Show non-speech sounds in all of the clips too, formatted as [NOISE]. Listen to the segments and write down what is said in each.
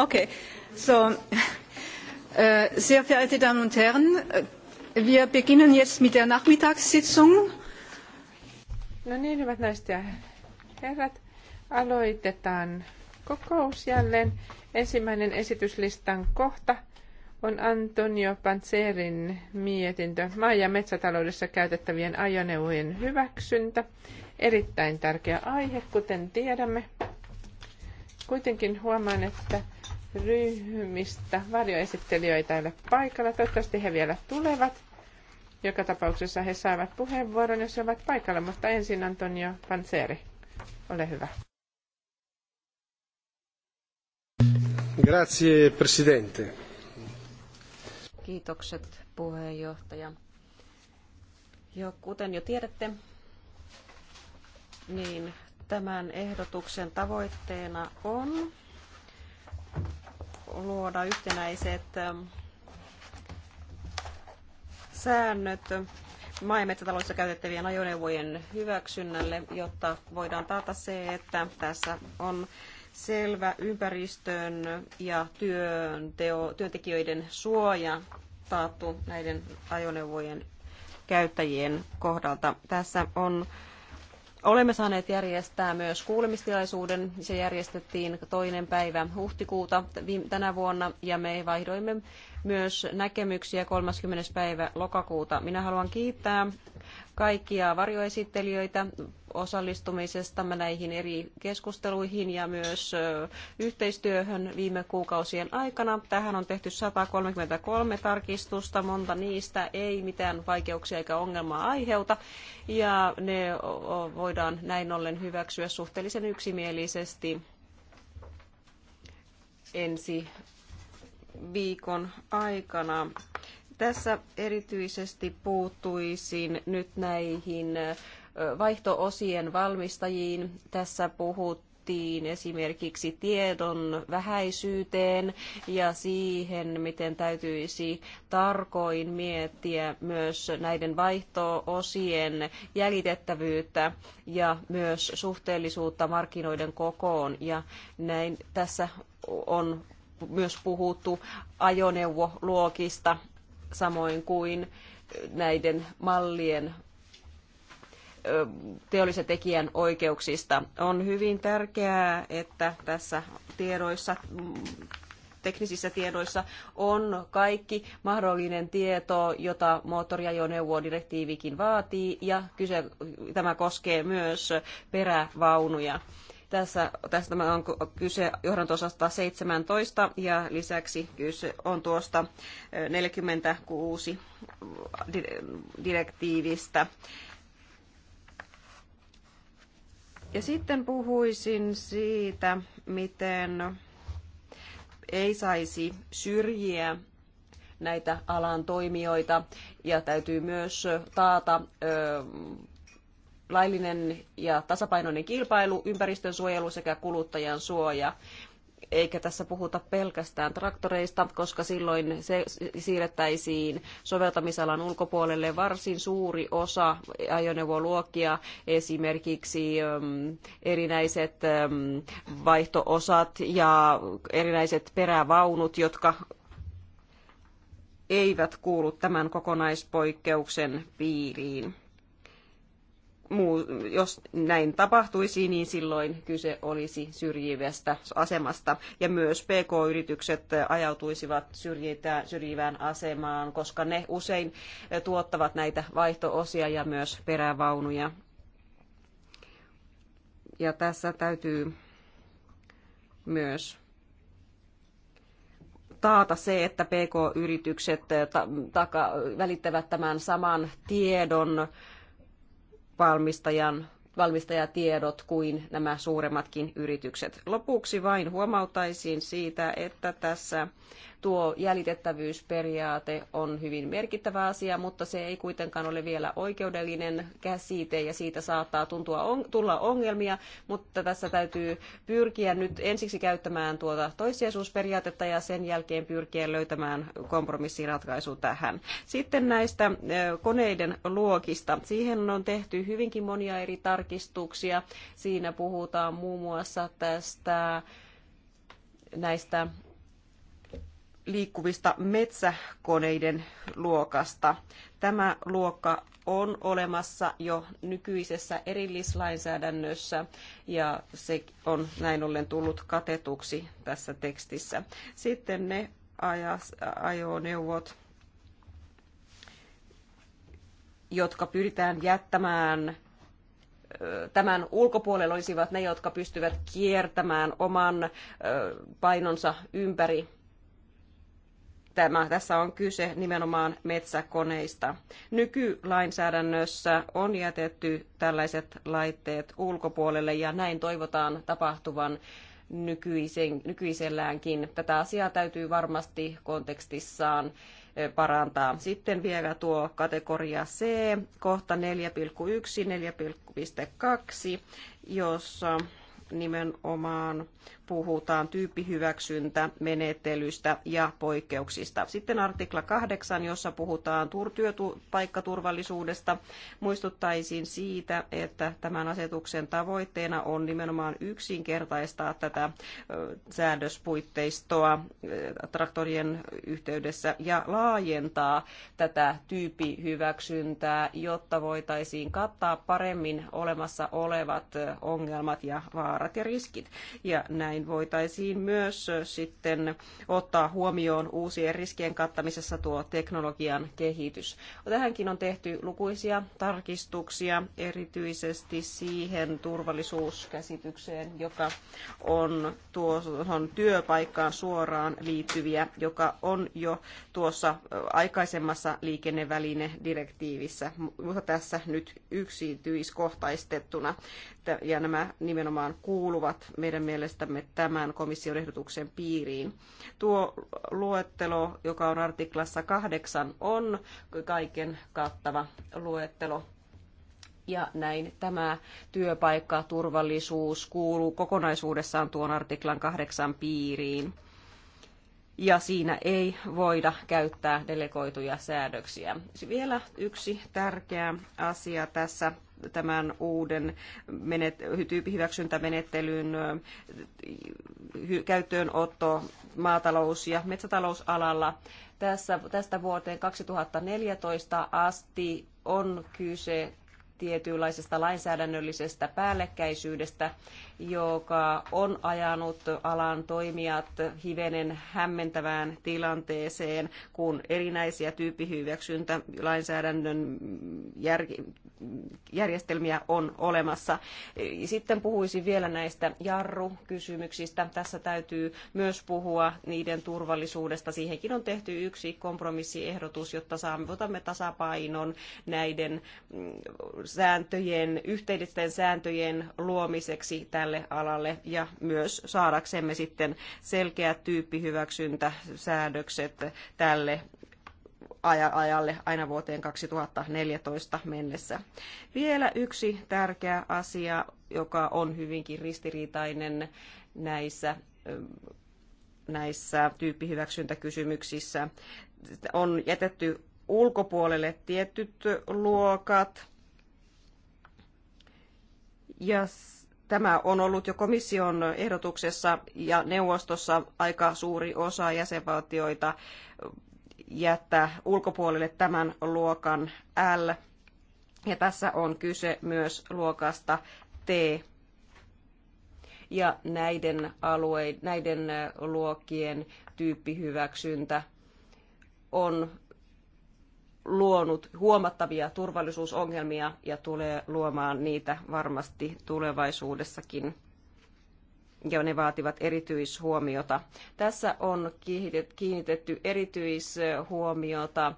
Okay. So, [LAUGHS] äh, sehr verehrte Damen und Herren, äh, wir beginnen jetzt mit der Nachmittagssitzung. No niin, hyvät naiset ja herrat, aloitetaan kokous jälleen. Ensimmäinen esityslistan kohta on Antonio Panzerin mietintö maa- ja metsätaloudessa käytettävien ajoneuvojen hyväksyntä. Erittäin tärkeä aihe, kuten tiedämme. Kuitenkin huomaan, että ryhmistä varjoesittelijöitä ei ole paikalla. Toivottavasti he vielä tulevat. Joka tapauksessa he saavat puheenvuoron, jos he ovat paikalla, mutta ensin Antonio Panseri. Ole hyvä. Grazie, Presidente. Kiitokset, puheenjohtaja. Jo, kuten jo tiedätte, niin tämän ehdotuksen tavoitteena on luoda yhtenäiset ähm, säännöt maa- ja metsätaloudessa käytettävien ajoneuvojen hyväksynnälle, jotta voidaan taata se, että tässä on selvä ympäristön ja työntekijöiden suoja taattu näiden ajoneuvojen käyttäjien kohdalta. Tässä on Olemme saaneet järjestää myös kuulemistilaisuuden. Se järjestettiin toinen päivä huhtikuuta tänä vuonna ja me vaihdoimme myös näkemyksiä 30. päivä lokakuuta. Minä haluan kiittää kaikkia varjoesittelijöitä osallistumisestamme näihin eri keskusteluihin ja myös yhteistyöhön viime kuukausien aikana. Tähän on tehty 133 tarkistusta, monta niistä ei mitään vaikeuksia eikä ongelmaa aiheuta ja ne voidaan näin ollen hyväksyä suhteellisen yksimielisesti ensi viikon aikana. Tässä erityisesti puuttuisin nyt näihin vaihtoosien valmistajiin. Tässä puhuttiin esimerkiksi tiedon vähäisyyteen ja siihen, miten täytyisi tarkoin miettiä myös näiden vaihtoosien jäljitettävyyttä ja myös suhteellisuutta markkinoiden kokoon. Ja näin tässä on myös puhuttu ajoneuvoluokista samoin kuin näiden mallien teollisen tekijän oikeuksista. On hyvin tärkeää, että tässä tiedoissa, teknisissä tiedoissa on kaikki mahdollinen tieto, jota moottoriajoneuvodirektiivikin vaatii, ja kyse, tämä koskee myös perävaunuja. Tässä, tässä tämä on kyse johdantosasta 17 ja lisäksi kyse on tuosta 46 direktiivistä. Ja sitten puhuisin siitä, miten ei saisi syrjiä näitä alan toimijoita ja täytyy myös taata laillinen ja tasapainoinen kilpailu, ympäristön suojelu sekä kuluttajan suoja. Eikä tässä puhuta pelkästään traktoreista, koska silloin se siirrettäisiin soveltamisalan ulkopuolelle varsin suuri osa ajoneuvoluokkia, esimerkiksi ähm, erinäiset ähm, vaihtoosat ja erinäiset perävaunut, jotka eivät kuulu tämän kokonaispoikkeuksen piiriin muu, jos näin tapahtuisi, niin silloin kyse olisi syrjivästä asemasta. Ja myös PK-yritykset ajautuisivat syrjivään asemaan, koska ne usein tuottavat näitä vaihtoosia ja myös perävaunuja. Ja tässä täytyy myös taata se, että PK-yritykset välittävät tämän saman tiedon valmistajan valmistajatiedot kuin nämä suuremmatkin yritykset. Lopuksi vain huomautaisin siitä, että tässä Tuo jäljitettävyysperiaate on hyvin merkittävä asia, mutta se ei kuitenkaan ole vielä oikeudellinen käsite ja siitä saattaa tuntua on, tulla ongelmia, mutta tässä täytyy pyrkiä nyt ensiksi käyttämään tuota toissijaisuusperiaatetta ja sen jälkeen pyrkiä löytämään kompromissiratkaisu tähän. Sitten näistä koneiden luokista. Siihen on tehty hyvinkin monia eri tarkistuksia. Siinä puhutaan muun muassa tästä näistä liikkuvista metsäkoneiden luokasta. Tämä luokka on olemassa jo nykyisessä erillislainsäädännössä ja se on näin ollen tullut katetuksi tässä tekstissä. Sitten ne ajoneuvot, jotka pyritään jättämään tämän ulkopuolella olisivat ne, jotka pystyvät kiertämään oman painonsa ympäri Tämä, tässä on kyse nimenomaan metsäkoneista. Nykylainsäädännössä on jätetty tällaiset laitteet ulkopuolelle ja näin toivotaan tapahtuvan nykyisen, nykyiselläänkin. Tätä asiaa täytyy varmasti kontekstissaan parantaa. Sitten vielä tuo kategoria C, kohta 4,1, 4,2, jossa nimenomaan puhutaan tyyppihyväksyntämenettelystä ja poikkeuksista. Sitten artikla 8, jossa puhutaan työpaikkaturvallisuudesta. Muistuttaisin siitä, että tämän asetuksen tavoitteena on nimenomaan yksinkertaistaa tätä säädöspuitteistoa traktorien yhteydessä ja laajentaa tätä tyyppihyväksyntää, jotta voitaisiin kattaa paremmin olemassa olevat ongelmat ja vaarat ja riskit. Ja näin niin voitaisiin myös sitten ottaa huomioon uusien riskien kattamisessa tuo teknologian kehitys. Tähänkin on tehty lukuisia tarkistuksia, erityisesti siihen turvallisuuskäsitykseen, joka on tuohon työpaikkaan suoraan liittyviä, joka on jo tuossa aikaisemmassa liikennevälinedirektiivissä, mutta tässä nyt yksityiskohtaistettuna. Ja nämä nimenomaan kuuluvat meidän mielestämme tämän komission ehdotuksen piiriin. Tuo luettelo, joka on artiklassa kahdeksan, on kaiken kattava luettelo ja näin tämä työpaikka, turvallisuus kuuluu kokonaisuudessaan tuon artiklan kahdeksan piiriin ja siinä ei voida käyttää delegoituja säädöksiä. Vielä yksi tärkeä asia tässä tämän uuden menet- tyyppihyväksyntämenettelyn hy- käyttöönotto maatalous- ja metsätalousalalla. Tässä, tästä vuoteen 2014 asti on kyse tietynlaisesta lainsäädännöllisestä päällekkäisyydestä joka on ajanut alan toimijat hivenen hämmentävään tilanteeseen, kun erinäisiä lainsäädännön jär, järjestelmiä on olemassa. Sitten puhuisin vielä näistä jarrukysymyksistä. Tässä täytyy myös puhua niiden turvallisuudesta. Siihenkin on tehty yksi kompromissiehdotus, jotta saamme otamme tasapainon näiden sääntöjen, yhteisten sääntöjen luomiseksi tällä tälle alalle ja myös saadaksemme sitten selkeät tyyppihyväksyntäsäädökset tälle ajalle aina vuoteen 2014 mennessä. Vielä yksi tärkeä asia, joka on hyvinkin ristiriitainen näissä näissä tyyppihyväksyntäkysymyksissä on jätetty ulkopuolelle tietyt luokat. Ja Tämä on ollut jo komission ehdotuksessa ja neuvostossa aika suuri osa jäsenvaltioita jättää ulkopuolelle tämän luokan L. Ja tässä on kyse myös luokasta T. Ja näiden, alueiden, näiden luokkien tyyppihyväksyntä on luonut huomattavia turvallisuusongelmia ja tulee luomaan niitä varmasti tulevaisuudessakin. Ja ne vaativat erityishuomiota. Tässä on kiinnitetty erityishuomiota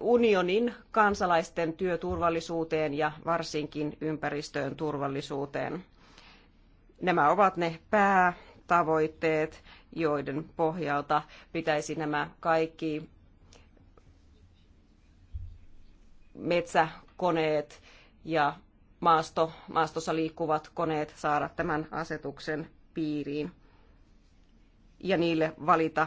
unionin kansalaisten työturvallisuuteen ja varsinkin ympäristöön turvallisuuteen. Nämä ovat ne päätavoitteet, joiden pohjalta pitäisi nämä kaikki metsäkoneet ja maasto, maastossa liikkuvat koneet saada tämän asetuksen piiriin ja niille valita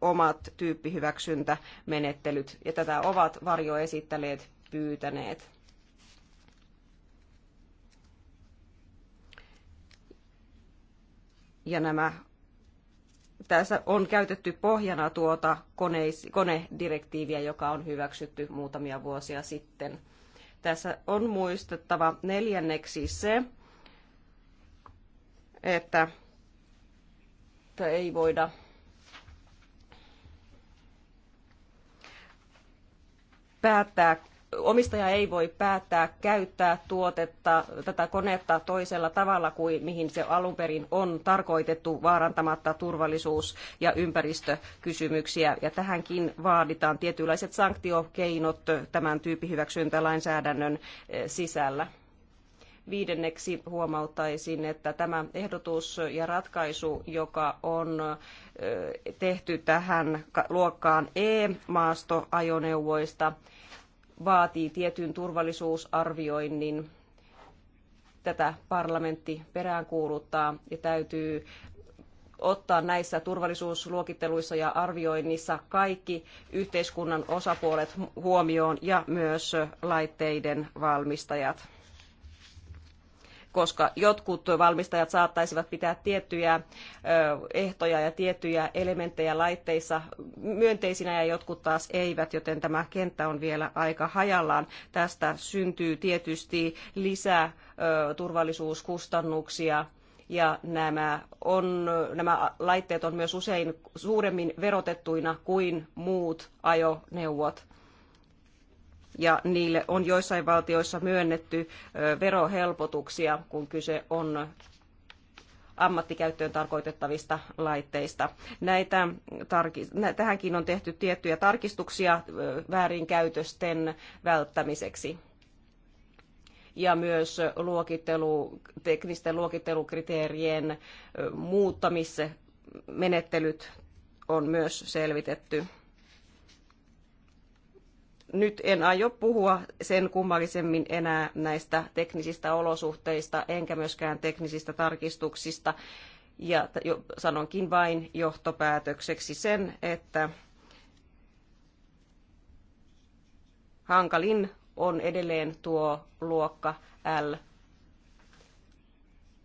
omat tyyppihyväksyntämenettelyt. Ja tätä ovat varjoesittäleet pyytäneet. Ja nämä tässä on käytetty pohjana tuota koneis, konedirektiiviä, joka on hyväksytty muutamia vuosia sitten. Tässä on muistettava neljänneksi se, että, että ei voida päättää omistaja ei voi päättää käyttää tuotetta, tätä konetta toisella tavalla kuin mihin se alun perin on tarkoitettu vaarantamatta turvallisuus- ja ympäristökysymyksiä. Ja tähänkin vaaditaan tietynlaiset sanktiokeinot tämän tyyppihyväksyntälainsäädännön eh, sisällä. Viidenneksi huomauttaisin, että tämä ehdotus ja ratkaisu, joka on eh, tehty tähän luokkaan E-maastoajoneuvoista, vaatii tietyn turvallisuusarvioinnin. Tätä parlamentti peräänkuuluttaa ja täytyy ottaa näissä turvallisuusluokitteluissa ja arvioinnissa kaikki yhteiskunnan osapuolet huomioon ja myös laitteiden valmistajat koska jotkut valmistajat saattaisivat pitää tiettyjä ehtoja ja tiettyjä elementtejä laitteissa myönteisinä ja jotkut taas eivät, joten tämä kenttä on vielä aika hajallaan. Tästä syntyy tietysti lisää turvallisuuskustannuksia ja nämä, on, nämä laitteet on myös usein suuremmin verotettuina kuin muut ajoneuvot ja niille on joissain valtioissa myönnetty verohelpotuksia, kun kyse on ammattikäyttöön tarkoitettavista laitteista. Näitä, tähänkin on tehty tiettyjä tarkistuksia väärinkäytösten välttämiseksi ja myös luokittelu, teknisten luokittelukriteerien muuttamismenettelyt on myös selvitetty nyt en aio puhua sen kummallisemmin enää näistä teknisistä olosuhteista, enkä myöskään teknisistä tarkistuksista. Ja sanonkin vain johtopäätökseksi sen, että hankalin on edelleen tuo luokka L.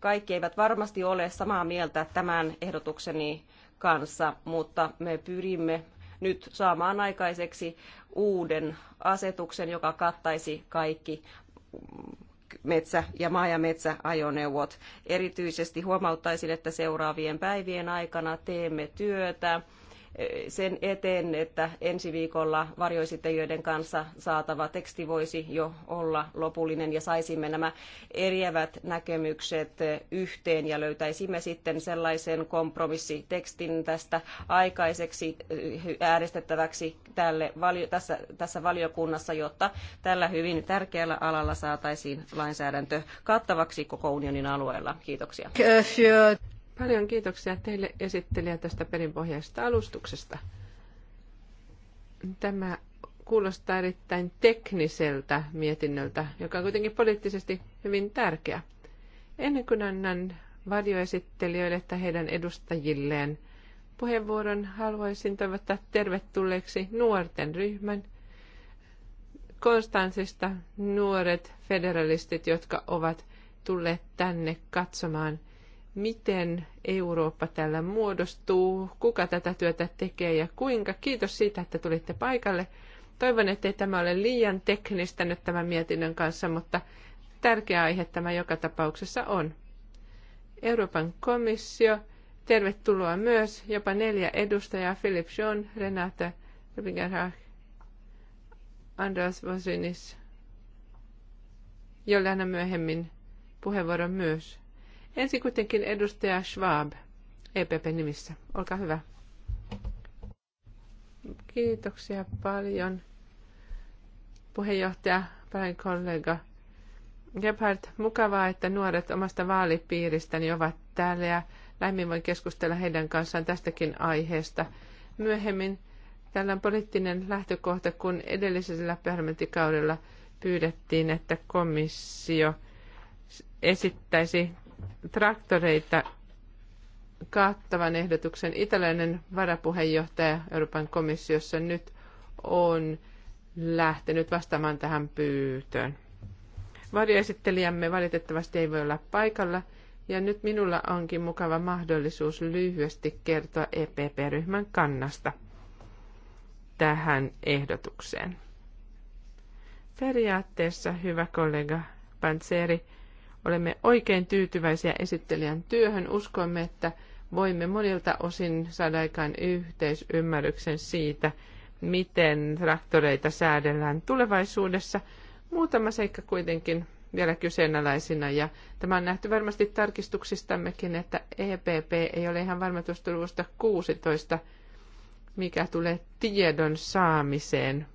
Kaikki eivät varmasti ole samaa mieltä tämän ehdotukseni kanssa, mutta me pyrimme nyt saamaan aikaiseksi uuden asetuksen, joka kattaisi kaikki metsä- ja maa- ja metsäajoneuvot. Erityisesti huomauttaisin, että seuraavien päivien aikana teemme työtä sen eteen, että ensi viikolla varjoesittelijöiden kanssa saatava teksti voisi jo olla lopullinen ja saisimme nämä eriävät näkemykset yhteen ja löytäisimme sitten sellaisen kompromissitekstin tästä aikaiseksi eh, äänestettäväksi tälle, tässä, tässä valiokunnassa, jotta tällä hyvin tärkeällä alalla saataisiin lainsäädäntö kattavaksi koko unionin alueella. Kiitoksia. Paljon kiitoksia teille esittelijä tästä perinpohjaisesta alustuksesta. Tämä kuulostaa erittäin tekniseltä mietinnöltä, joka on kuitenkin poliittisesti hyvin tärkeä. Ennen kuin annan varjoesittelijöille tai heidän edustajilleen puheenvuoron, haluaisin toivottaa tervetulleeksi nuorten ryhmän Konstansista nuoret federalistit, jotka ovat tulleet tänne katsomaan – miten Eurooppa tällä muodostuu, kuka tätä työtä tekee ja kuinka. Kiitos siitä, että tulitte paikalle. Toivon, ettei tämä ole liian teknistä nyt tämän mietinnön kanssa, mutta tärkeä aihe tämä joka tapauksessa on. Euroopan komissio, tervetuloa myös jopa neljä edustajaa, Philip John, Renate Rubingerhach, Andreas Vosinis, jolle annan myöhemmin puheenvuoron myös. Ensin kuitenkin edustaja Schwab, EPP nimissä. Olkaa hyvä. Kiitoksia paljon. Puheenjohtaja, päin kollega Gebhardt, mukavaa, että nuoret omasta vaalipiiristäni ovat täällä ja lämmin voin keskustella heidän kanssaan tästäkin aiheesta. Myöhemmin tällä on poliittinen lähtökohta, kun edellisellä parlamenttikaudella pyydettiin, että komissio esittäisi traktoreita kattavan ehdotuksen. Italialainen varapuheenjohtaja Euroopan komissiossa nyt on lähtenyt vastaamaan tähän pyytöön. Varjoesittelijämme valitettavasti ei voi olla paikalla, ja nyt minulla onkin mukava mahdollisuus lyhyesti kertoa EPP-ryhmän kannasta tähän ehdotukseen. Periaatteessa, hyvä kollega Panseri, Olemme oikein tyytyväisiä esittelijän työhön. Uskomme, että voimme monilta osin saada aikaan yhteisymmärryksen siitä, miten traktoreita säädellään tulevaisuudessa. Muutama seikka kuitenkin vielä kyseenalaisina ja tämä on nähty varmasti tarkistuksistammekin, että EPP ei ole ihan varma tuosta luvusta 16, mikä tulee tiedon saamiseen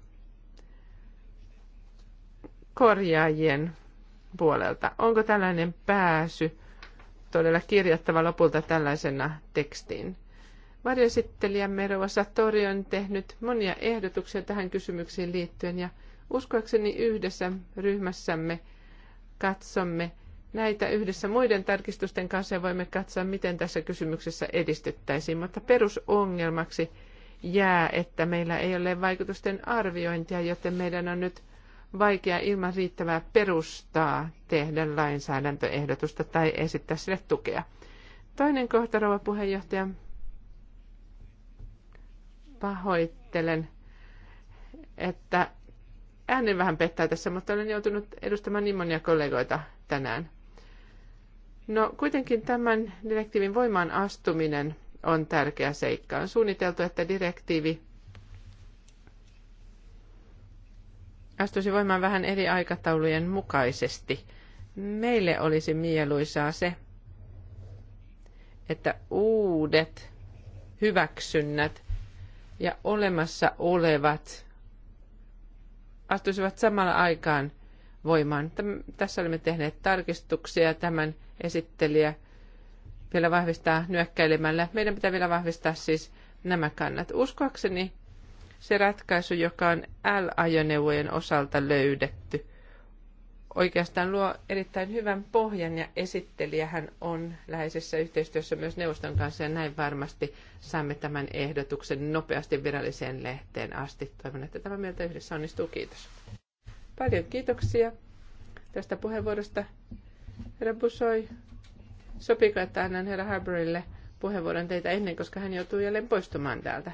korjaajien puolelta. Onko tällainen pääsy todella kirjattava lopulta tällaisena tekstiin? Varjesittelijämme Rova Satori on tehnyt monia ehdotuksia tähän kysymykseen liittyen ja uskoakseni yhdessä ryhmässämme katsomme näitä yhdessä muiden tarkistusten kanssa ja voimme katsoa, miten tässä kysymyksessä edistyttäisiin. Mutta perusongelmaksi jää, että meillä ei ole vaikutusten arviointia, joten meidän on nyt vaikea ilman riittävää perustaa tehdä lainsäädäntöehdotusta tai esittää sille tukea. Toinen kohta, rouva puheenjohtaja. Pahoittelen, että äänen vähän pettää tässä, mutta olen joutunut edustamaan niin monia kollegoita tänään. No kuitenkin tämän direktiivin voimaan astuminen on tärkeä seikka. On suunniteltu, että direktiivi astuisi voimaan vähän eri aikataulujen mukaisesti. Meille olisi mieluisaa se, että uudet hyväksynnät ja olemassa olevat astuisivat samalla aikaan voimaan. Tässä olemme tehneet tarkistuksia tämän esittelijä vielä vahvistaa nyökkäilemällä. Meidän pitää vielä vahvistaa siis nämä kannat. Uskoakseni se ratkaisu, joka on L-ajoneuvojen osalta löydetty, oikeastaan luo erittäin hyvän pohjan ja esittelijähän on läheisessä yhteistyössä myös neuvoston kanssa ja näin varmasti saamme tämän ehdotuksen nopeasti viralliseen lehteen asti. Toivon, että tämä mieltä yhdessä onnistuu. Kiitos. Paljon kiitoksia tästä puheenvuorosta. Herra Busoi, sopiiko, että annan herra Harberille puheenvuoron teitä ennen, koska hän joutuu jälleen poistumaan täältä?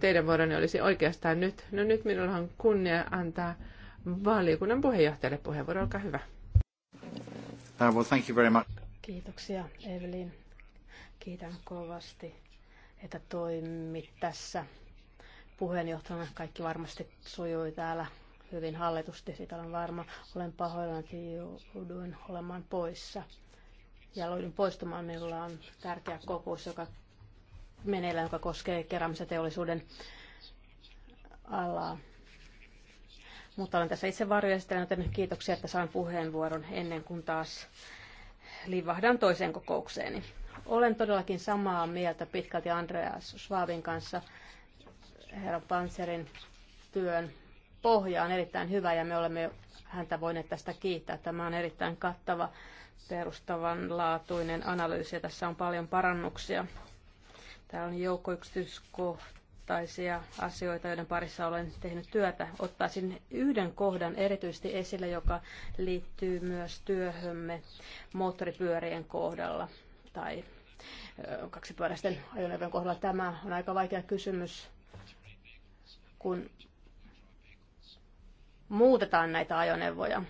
teidän vuoronne olisi oikeastaan nyt. No nyt minulla on kunnia antaa valiokunnan puheenjohtajalle puheenvuoro. Olkaa hyvä. Uh, well, thank you very much. Kiitoksia Evelin. Kiitän kovasti, että toimit tässä puheenjohtajana. Kaikki varmasti sujui täällä hyvin hallitusti, siitä olen varma. Olen pahoillani, että jouduin olemaan poissa. Ja loidun poistumaan, on tärkeä kokous, joka meneillään, joka koskee keräämiseteollisuuden alaa. Mutta olen tässä itse varjoesittelijänä, joten kiitoksia, että saan puheenvuoron ennen kuin taas livahdan toiseen kokoukseeni. Olen todellakin samaa mieltä pitkälti Andreas Schwabin kanssa. Herra Panserin työn pohja on erittäin hyvä ja me olemme häntä voineet tästä kiittää. Tämä on erittäin kattava perustavanlaatuinen analyysi ja tässä on paljon parannuksia Täällä on joukko yksityiskohtaisia asioita, joiden parissa olen tehnyt työtä. Ottaisin yhden kohdan erityisesti esille, joka liittyy myös työhömme moottoripyörien kohdalla tai kaksipyöräisten ajoneuvojen kohdalla. Tämä on aika vaikea kysymys, kun muutetaan näitä ajoneuvoja.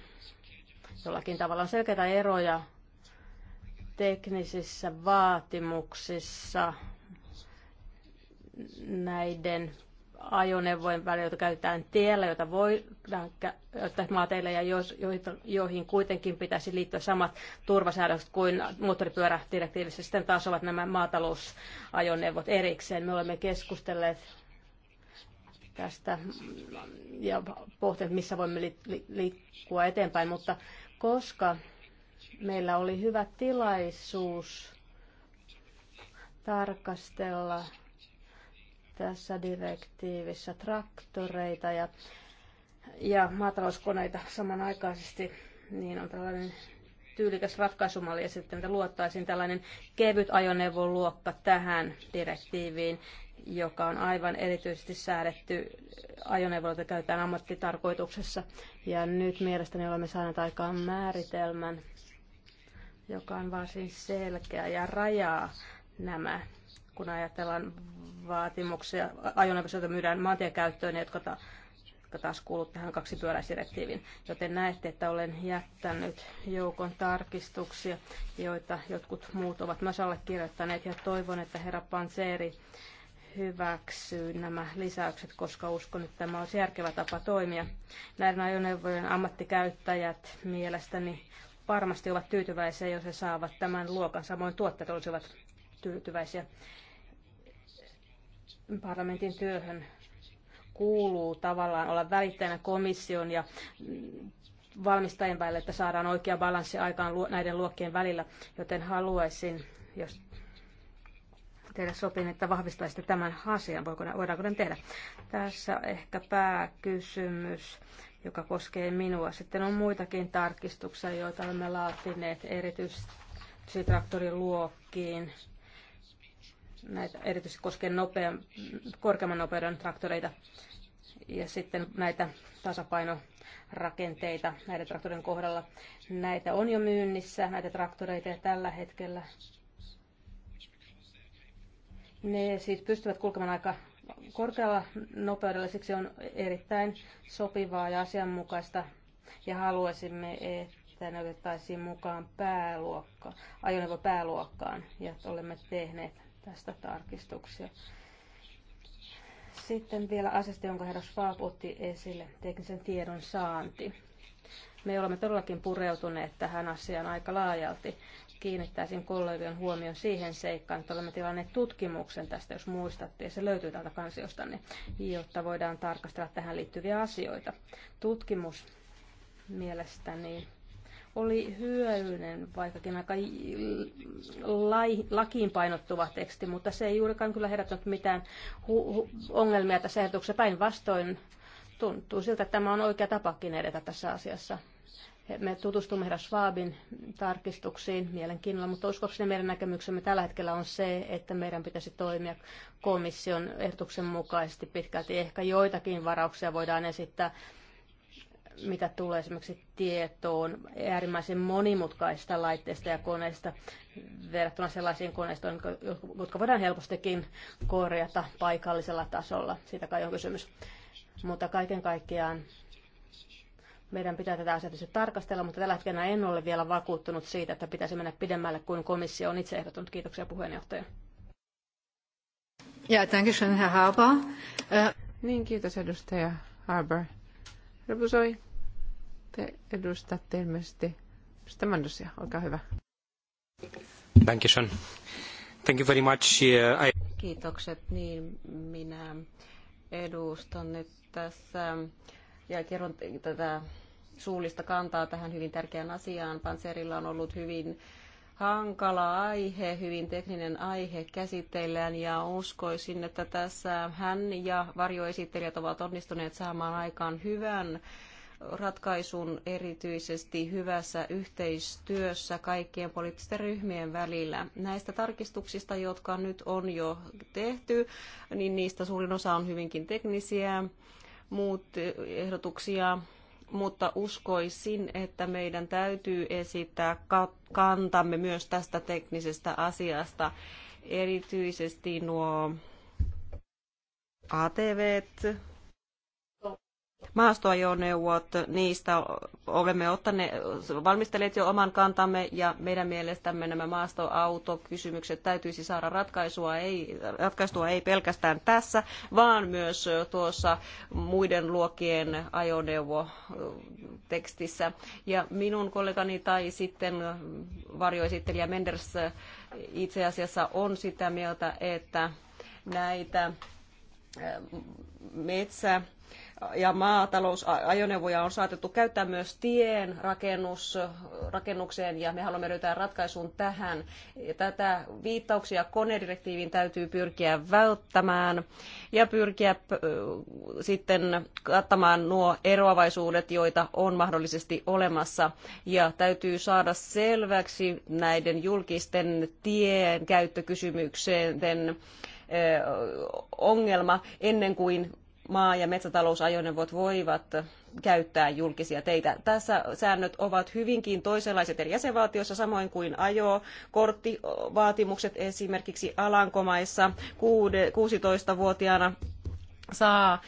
Jollakin tavalla on selkeitä eroja teknisissä vaatimuksissa näiden ajoneuvojen välillä, joita käytetään tiellä, joita voi ottaa maateille ja joihin kuitenkin pitäisi liittyä samat turvasäädökset kuin moottoripyörädirektiivissä. Sitten taas ovat nämä maatalousajoneuvot erikseen. Me olemme keskustelleet tästä ja pohtineet, missä voimme liikkua eteenpäin, mutta koska meillä oli hyvä tilaisuus tarkastella tässä direktiivissä traktoreita ja, ja maatalouskoneita samanaikaisesti, niin on tällainen tyylikäs ratkaisumalli ja sitten, että luottaisin tällainen kevyt luokka tähän direktiiviin, joka on aivan erityisesti säädetty ajoneuvoilta käytetään ammattitarkoituksessa. Ja nyt mielestäni olemme saaneet aikaan määritelmän, joka on varsin selkeä ja rajaa nämä kun ajatellaan vaatimuksia joita myydään maantiekäyttöön, jotka, ta, jotka taas kuuluvat tähän kaksipyöräisdirektiiviin. Joten näette, että olen jättänyt joukon tarkistuksia, joita jotkut muut ovat myös allekirjoittaneet, ja toivon, että herra Panseeri hyväksyy nämä lisäykset, koska uskon, että tämä olisi järkevä tapa toimia. Näiden ajoneuvojen ammattikäyttäjät mielestäni varmasti ovat tyytyväisiä, jos he saavat tämän luokan. Samoin tuotteet olisivat tyytyväisiä parlamentin työhön kuuluu tavallaan olla välittäjänä komission ja valmistajien välillä, että saadaan oikea balanssi aikaan näiden luokkien välillä, joten haluaisin, jos teille sopii, että vahvistaisitte tämän asian. Voiko, voidaanko ne tehdä? Tässä ehkä pääkysymys, joka koskee minua. Sitten on muitakin tarkistuksia, joita olemme laatineet erityisesti traktoriluokkiin. luokkiin näitä erityisesti koskee nopean, korkeamman nopeuden traktoreita ja sitten näitä tasapainorakenteita näiden traktoreiden kohdalla. Näitä on jo myynnissä, näitä traktoreita ja tällä hetkellä ne siis pystyvät kulkemaan aika korkealla nopeudella, siksi on erittäin sopivaa ja asianmukaista ja haluaisimme, että ne otettaisiin mukaan pääluokka, pääluokkaan ja olemme tehneet tästä tarkistuksia. Sitten vielä asiasta, jonka herra Schwab otti esille, teknisen tiedon saanti. Me olemme todellakin pureutuneet tähän asiaan aika laajalti. Kiinnittäisin kollegion huomion siihen seikkaan, että olemme tilanneet tutkimuksen tästä, jos muistatte, ja se löytyy täältä kansiostanne, jotta voidaan tarkastella tähän liittyviä asioita. Tutkimus mielestäni oli hyödyllinen, vaikkakin aika lai, lakiin painottuva teksti, mutta se ei juurikaan kyllä herättänyt mitään hu- hu- ongelmia tässä ehdotuksessa. Päinvastoin tuntuu siltä, että tämä on oikea tapakin edetä tässä asiassa. Me tutustumme herra Schwabin tarkistuksiin mielenkiinnolla, mutta uskoakseni meidän näkemyksemme tällä hetkellä on se, että meidän pitäisi toimia komission ehdotuksen mukaisesti pitkälti. Ehkä joitakin varauksia voidaan esittää mitä tulee esimerkiksi tietoon äärimmäisen monimutkaisista laitteista ja koneista verrattuna sellaisiin koneistoihin, jotka voidaan helpostikin korjata paikallisella tasolla. Siitä kai on kysymys. Mutta kaiken kaikkiaan meidän pitää tätä asiaa tietysti tarkastella, mutta tällä hetkellä en ole vielä vakuuttunut siitä, että pitäisi mennä pidemmälle kuin komissio on itse ehdottanut. Kiitoksia puheenjohtaja. Ja, danke schön, Herr Haber. Äh... Niin, kiitos edustaja Haber. Rebusoi. Te edustatte ilmeisesti Stamandosia, olkaa hyvä. Thank you, Thank you very much. I... Kiitokset, niin minä edustan nyt tässä ja kerron tätä suullista kantaa tähän hyvin tärkeään asiaan. Panserilla on ollut hyvin hankala aihe, hyvin tekninen aihe käsitteillään ja uskoisin, että tässä hän ja varjoesittelijät ovat onnistuneet saamaan aikaan hyvän ratkaisun erityisesti hyvässä yhteistyössä kaikkien poliittisten ryhmien välillä. Näistä tarkistuksista, jotka nyt on jo tehty, niin niistä suurin osa on hyvinkin teknisiä, muut eh, ehdotuksia mutta uskoisin, että meidän täytyy esittää kantamme myös tästä teknisestä asiasta. Erityisesti nuo ATV, -t maastoajoneuvot, niistä olemme ottaneet, valmistelleet jo oman kantamme ja meidän mielestämme nämä maastoautokysymykset täytyisi saada ratkaisua, ei, ratkaistua ei pelkästään tässä, vaan myös tuossa muiden luokkien ajoneuvotekstissä. Ja minun kollegani tai sitten varjoesittelijä Menders itse asiassa on sitä mieltä, että näitä metsä ja maatalousajoneuvoja on saatettu käyttää myös tien rakennus, rakennukseen ja me haluamme löytää ratkaisun tähän. tätä viittauksia konedirektiiviin täytyy pyrkiä välttämään ja pyrkiä sitten kattamaan nuo eroavaisuudet, joita on mahdollisesti olemassa. Ja täytyy saada selväksi näiden julkisten tien käyttökysymykseen ongelma ennen kuin maa- ja metsätalousajoneuvot voivat käyttää julkisia teitä. Tässä säännöt ovat hyvinkin toisenlaiset eri jäsenvaltioissa, samoin kuin ajo, esimerkiksi Alankomaissa 16-vuotiaana saa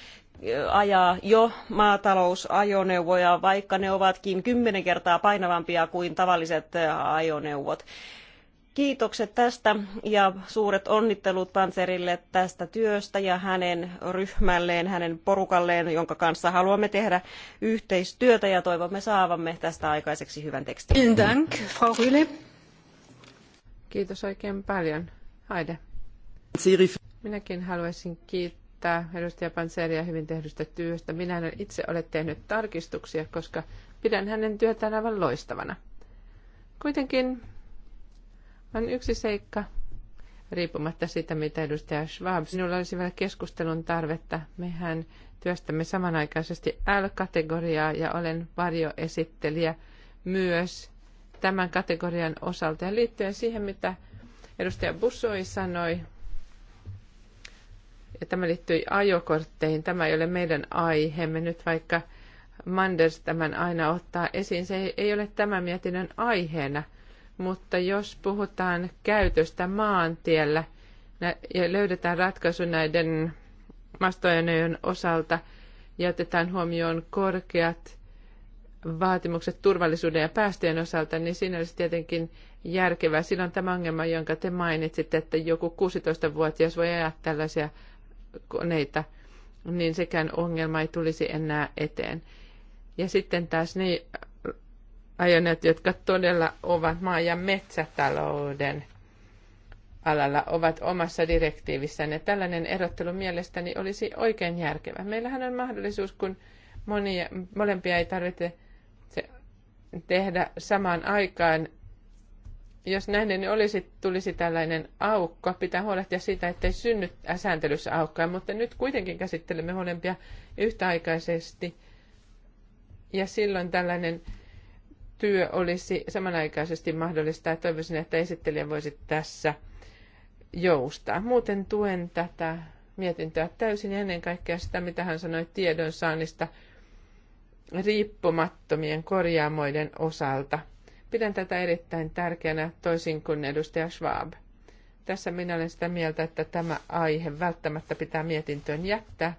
ajaa jo maatalousajoneuvoja, vaikka ne ovatkin kymmenen kertaa painavampia kuin tavalliset ajoneuvot. Kiitokset tästä ja suuret onnittelut Panzerille tästä työstä ja hänen ryhmälleen, hänen porukalleen, jonka kanssa haluamme tehdä yhteistyötä ja toivomme saavamme tästä aikaiseksi hyvän tekstin. Dank, Frau Rühle. Kiitos oikein paljon. Haide. Minäkin haluaisin kiittää edustaja Panzeria hyvin tehdystä työstä. Minä en itse ole tehnyt tarkistuksia, koska pidän hänen työtään aivan loistavana. Kuitenkin on yksi seikka, riippumatta siitä, mitä edustaja Schwab, sinulla olisi vielä keskustelun tarvetta. Mehän työstämme samanaikaisesti L-kategoriaa ja olen varjoesittelijä myös tämän kategorian osalta. Ja liittyen siihen, mitä edustaja Bussoi sanoi, ja tämä liittyi ajokortteihin, tämä ei ole meidän aiheemme nyt, vaikka Manders tämän aina ottaa esiin. Se ei ole tämän mietinnön aiheena – mutta jos puhutaan käytöstä maantiellä ja löydetään ratkaisu näiden mastoajoneuvojen osalta ja otetaan huomioon korkeat vaatimukset turvallisuuden ja päästöjen osalta, niin siinä olisi tietenkin järkevää. Silloin tämä ongelma, jonka te mainitsitte, että joku 16-vuotias voi ajaa tällaisia koneita, niin sekään ongelma ei tulisi enää eteen. Ja sitten taas ne ajoneet, jotka todella ovat maa- ja metsätalouden alalla, ovat omassa direktiivissään. Ja tällainen erottelu mielestäni olisi oikein järkevä. Meillähän on mahdollisuus, kun monia, molempia ei tarvitse tehdä samaan aikaan. Jos näin niin olisi, tulisi tällainen aukko. Pitää huolehtia siitä, ettei synny sääntelyssä aukkoa, mutta nyt kuitenkin käsittelemme molempia yhtäaikaisesti. Ja silloin tällainen työ olisi samanaikaisesti mahdollista ja toivoisin, että esittelijä voisi tässä joustaa. Muuten tuen tätä mietintöä täysin ja ennen kaikkea sitä, mitä hän sanoi tiedonsaannista riippumattomien korjaamoiden osalta. Pidän tätä erittäin tärkeänä toisin kuin edustaja Schwab. Tässä minä olen sitä mieltä, että tämä aihe välttämättä pitää mietintöön jättää.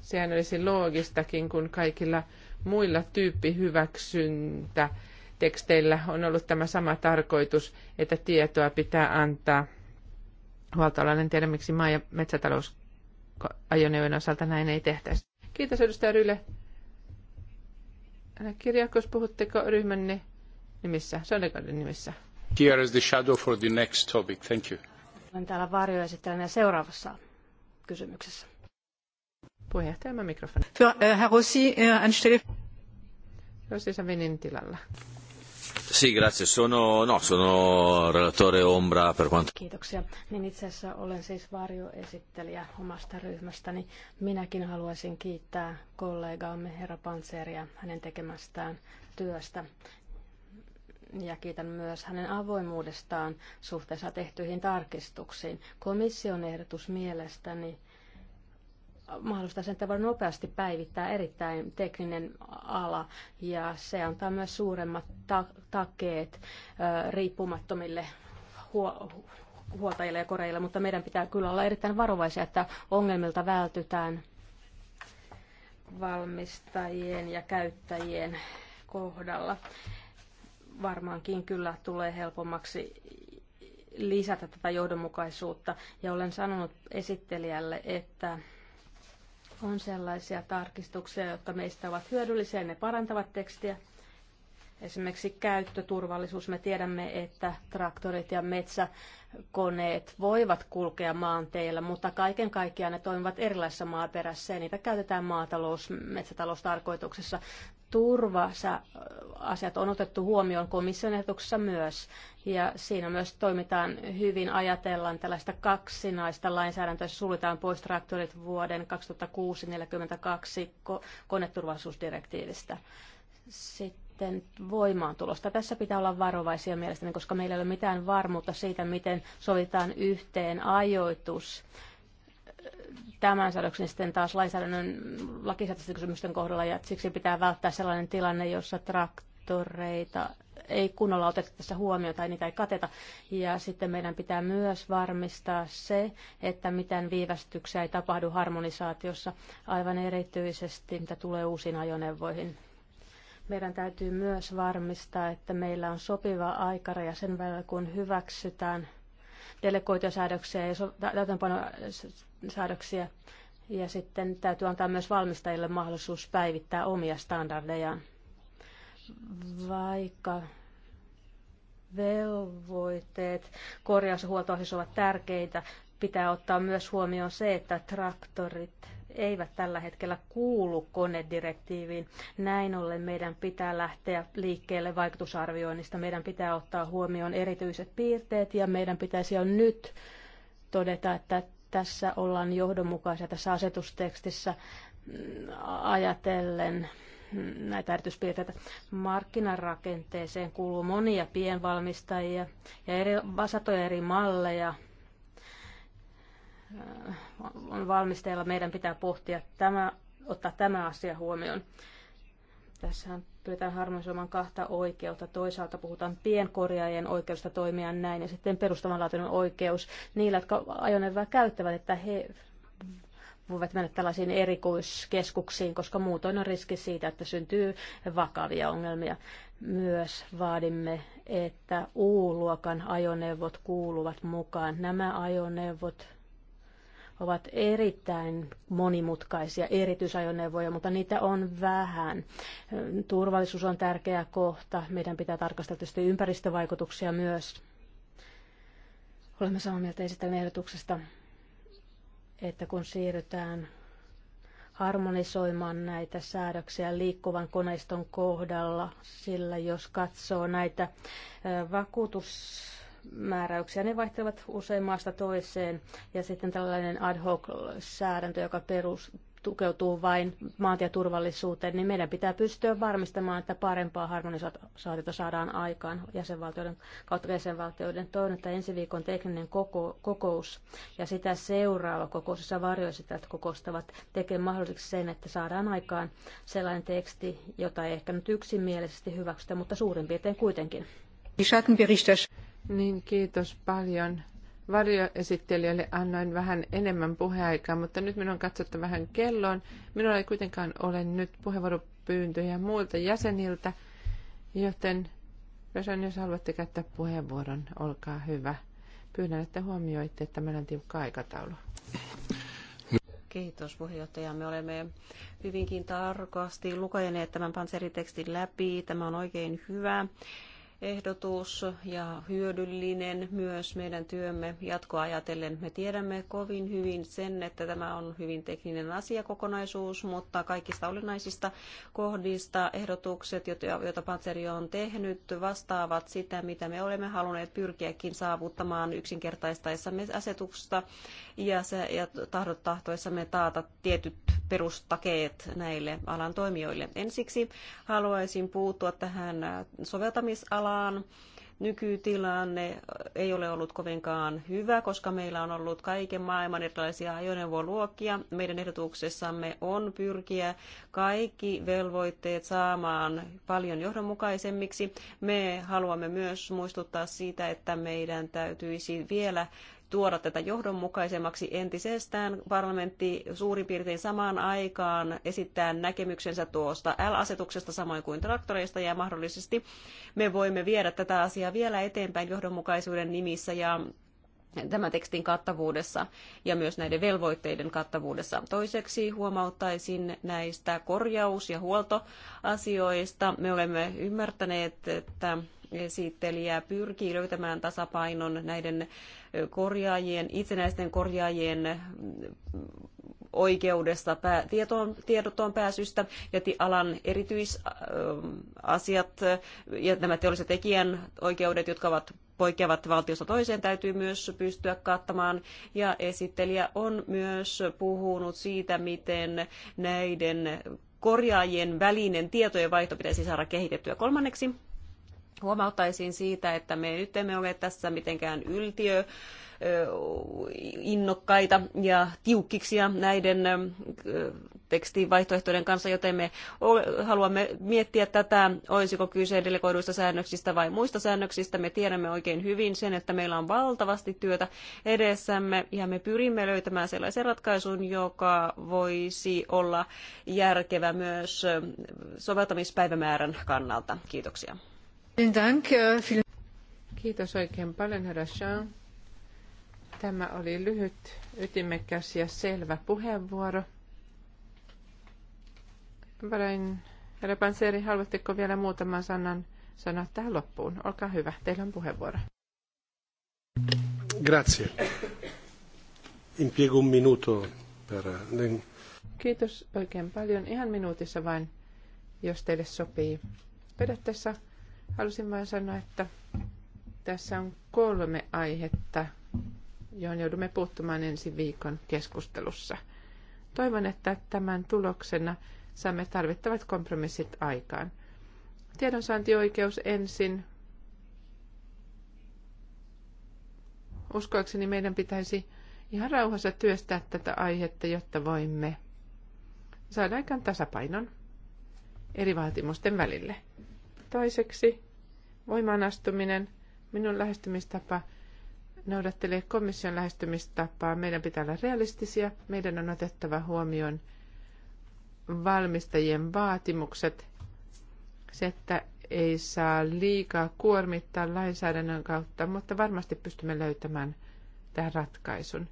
Sehän olisi loogistakin, kun kaikilla muilla tyyppihyväksyntä teksteillä on ollut tämä sama tarkoitus, että tietoa pitää antaa. Huoltoalainen en tiedä, miksi maa- ja metsätalousajoneuvojen osalta näin ei tehtäisi. Kiitos edustaja Ryle. Älä kirjakos, puhutteko ryhmänne nimissä, Sonnegarden nimissä? Here is the shadow for the next topic. Thank you. Olen täällä varjoesittelijänä seuraavassa kysymyksessä. Puheenjohtajamme mikrofoni. Äh, Herr Rossi, äh, Rossi Sì, grazie. Sono, no, sono relatore ombra per quanto... Kiitoksia. Niin itse asiassa olen siis varjoesittelijä omasta ryhmästäni. Minäkin haluaisin kiittää kollegaamme herra Panseria hänen tekemästään työstä. Ja kiitän myös hänen avoimuudestaan suhteessa tehtyihin tarkistuksiin. Komission ehdotus mielestäni mahdollistaa sen, että voi nopeasti päivittää erittäin tekninen ala ja se antaa myös suuremmat ta- takeet ö, riippumattomille hu- huoltajille ja koreille, mutta meidän pitää kyllä olla erittäin varovaisia, että ongelmilta vältytään valmistajien ja käyttäjien kohdalla. Varmaankin kyllä tulee helpommaksi lisätä tätä johdonmukaisuutta ja olen sanonut esittelijälle, että on sellaisia tarkistuksia, jotka meistä ovat hyödyllisiä ja ne parantavat tekstiä. Esimerkiksi käyttöturvallisuus. Me tiedämme, että traktorit ja metsäkoneet voivat kulkea maanteillä, mutta kaiken kaikkiaan ne toimivat erilaisessa maaperässä ja niitä käytetään maatalous- metsätaloustarkoituksessa turvassa asiat on otettu huomioon komission ehdotuksessa myös. Ja siinä myös toimitaan hyvin, ajatellaan tällaista kaksinaista lainsäädäntöä, jossa suljetaan pois traktorit vuoden 2006-42 koneturvallisuusdirektiivistä. Sitten voimaantulosta. Tässä pitää olla varovaisia mielestäni, koska meillä ei ole mitään varmuutta siitä, miten sovitaan yhteen ajoitus tämän säädöksen sitten taas lainsäädännön lakisääteisten kysymysten kohdalla ja siksi pitää välttää sellainen tilanne, jossa traktoreita ei kunnolla oteta tässä huomioon tai niitä ei kateta. Ja sitten meidän pitää myös varmistaa se, että mitään viivästyksiä ei tapahdu harmonisaatiossa, aivan erityisesti mitä tulee uusiin ajoneuvoihin. Meidän täytyy myös varmistaa, että meillä on sopiva aikaraja sen välillä, kun hyväksytään delegoitiosäädöksiä säädöksiä ja säädöksiä. Ja sitten täytyy antaa myös valmistajille mahdollisuus päivittää omia standardejaan. Vaikka velvoitteet korjaus- ja ovat tärkeitä, pitää ottaa myös huomioon se, että traktorit eivät tällä hetkellä kuulu konedirektiiviin. Näin ollen meidän pitää lähteä liikkeelle vaikutusarvioinnista. Meidän pitää ottaa huomioon erityiset piirteet ja meidän pitäisi jo nyt todeta, että tässä ollaan johdonmukaisia tässä asetustekstissä mm, ajatellen näitä erityispiirteitä. Markkinarakenteeseen kuuluu monia pienvalmistajia ja eri, satoja eri malleja on valmisteilla. Meidän pitää pohtia tämä, ottaa tämä asia huomioon. Tässä on pyritään harmonisoimaan kahta oikeutta. Toisaalta puhutaan pienkorjaajien oikeudesta toimia näin ja sitten perustavanlaatuinen oikeus niillä, jotka ajoneuvoa käyttävät, että he voivat mennä tällaisiin erikoiskeskuksiin, koska muutoin on riski siitä, että syntyy vakavia ongelmia. Myös vaadimme, että U-luokan ajoneuvot kuuluvat mukaan. Nämä ajoneuvot ovat erittäin monimutkaisia erityisajoneuvoja, mutta niitä on vähän. Turvallisuus on tärkeä kohta. Meidän pitää tarkastella tietysti ympäristövaikutuksia myös. Olemme samaa mieltä esitän ehdotuksesta, että kun siirrytään harmonisoimaan näitä säädöksiä liikkuvan koneiston kohdalla, sillä jos katsoo näitä vakuutus määräyksiä. Ne vaihtelevat usein maasta toiseen ja sitten tällainen ad hoc-säädäntö, joka perus, tukeutuu vain maantieturvallisuuteen, niin meidän pitää pystyä varmistamaan, että parempaa harmonisaatiota saadaan aikaan jäsenvaltioiden kautta jäsenvaltioiden toinen, että ensi viikon tekninen koko, kokous ja sitä seuraava kokous, jossa varjoesittäjät kokoustavat, tekee mahdolliseksi sen, että saadaan aikaan sellainen teksti, jota ei ehkä nyt yksimielisesti hyväksytä, mutta suurin piirtein kuitenkin. Niin, kiitos paljon. Varjoesittelijälle annoin vähän enemmän puheaikaa, mutta nyt minun on katsottava vähän kelloon. Minulla ei kuitenkaan ole nyt puheenvuoropyyntöjä muilta jäseniltä, joten Resan, jos haluatte käyttää puheenvuoron, olkaa hyvä. Pyydän, että huomioitte, että meillä on tiukka aikataulu. Kiitos puheenjohtaja. Me olemme hyvinkin tarkasti lukeneet tämän panseritekstin läpi. Tämä on oikein hyvä ehdotus ja hyödyllinen myös meidän työmme jatkoa ajatellen. Me tiedämme kovin hyvin sen, että tämä on hyvin tekninen asiakokonaisuus, mutta kaikista olennaisista kohdista ehdotukset, joita Panzeri on tehnyt, vastaavat sitä, mitä me olemme halunneet pyrkiäkin saavuttamaan yksinkertaistaessamme asetuksesta ja, se, ja tahdottahtoissamme taata tietyt perustakeet näille alan toimijoille. Ensiksi haluaisin puuttua tähän soveltamisalaan nykytilanne ei ole ollut kovinkaan hyvä, koska meillä on ollut kaiken maailman erilaisia ajoneuvoluokkia. Meidän ehdotuksessamme on pyrkiä kaikki velvoitteet saamaan paljon johdonmukaisemmiksi. Me haluamme myös muistuttaa siitä, että meidän täytyisi vielä tuoda tätä johdonmukaisemmaksi entisestään. Parlamentti suurin piirtein samaan aikaan esittää näkemyksensä tuosta L-asetuksesta samoin kuin traktoreista ja mahdollisesti me voimme viedä tätä asiaa vielä eteenpäin johdonmukaisuuden nimissä ja tämän tekstin kattavuudessa ja myös näiden velvoitteiden kattavuudessa. Toiseksi huomauttaisin näistä korjaus- ja huoltoasioista. Me olemme ymmärtäneet, että esittelijä pyrkii löytämään tasapainon näiden korjaajien, itsenäisten korjaajien oikeudesta pää, tietoon, tiedotoon pääsystä ja alan erityisasiat ja nämä teolliset tekijän oikeudet, jotka ovat poikkeavat valtiosta toiseen, täytyy myös pystyä kattamaan. Ja esittelijä on myös puhunut siitä, miten näiden korjaajien välinen tietojenvaihto pitäisi saada kehitettyä. Kolmanneksi huomauttaisin siitä, että me nyt emme ole tässä mitenkään yltiö innokkaita ja tiukkiksia näiden tekstin vaihtoehtojen kanssa, joten me haluamme miettiä tätä, olisiko kyse delegoiduista säännöksistä vai muista säännöksistä. Me tiedämme oikein hyvin sen, että meillä on valtavasti työtä edessämme ja me pyrimme löytämään sellaisen ratkaisun, joka voisi olla järkevä myös soveltamispäivämäärän kannalta. Kiitoksia. Äh, Kiitos oikein paljon, herra Jean. Tämä oli lyhyt, ytimekäs ja selvä puheenvuoro. Varain, herra Panseri, haluatteko vielä muutaman sanan sanoa tähän loppuun? Olkaa hyvä, teillä on puheenvuoro. Grazie. Impiego un minuto per... Kiitos oikein paljon. Ihan minuutissa vain, jos teille sopii. Periaatteessa Halusin vain sanoa, että tässä on kolme aihetta, johon joudumme puuttumaan ensi viikon keskustelussa. Toivon, että tämän tuloksena saamme tarvittavat kompromissit aikaan. Tiedonsaantioikeus ensin. Uskoakseni meidän pitäisi ihan rauhassa työstää tätä aihetta, jotta voimme saada aikaan tasapainon eri vaatimusten välille. Toiseksi voimaanastuminen. Minun lähestymistapa noudattelee komission lähestymistapaa. Meidän pitää olla realistisia. Meidän on otettava huomioon valmistajien vaatimukset. Se, että ei saa liikaa kuormittaa lainsäädännön kautta, mutta varmasti pystymme löytämään tähän ratkaisun.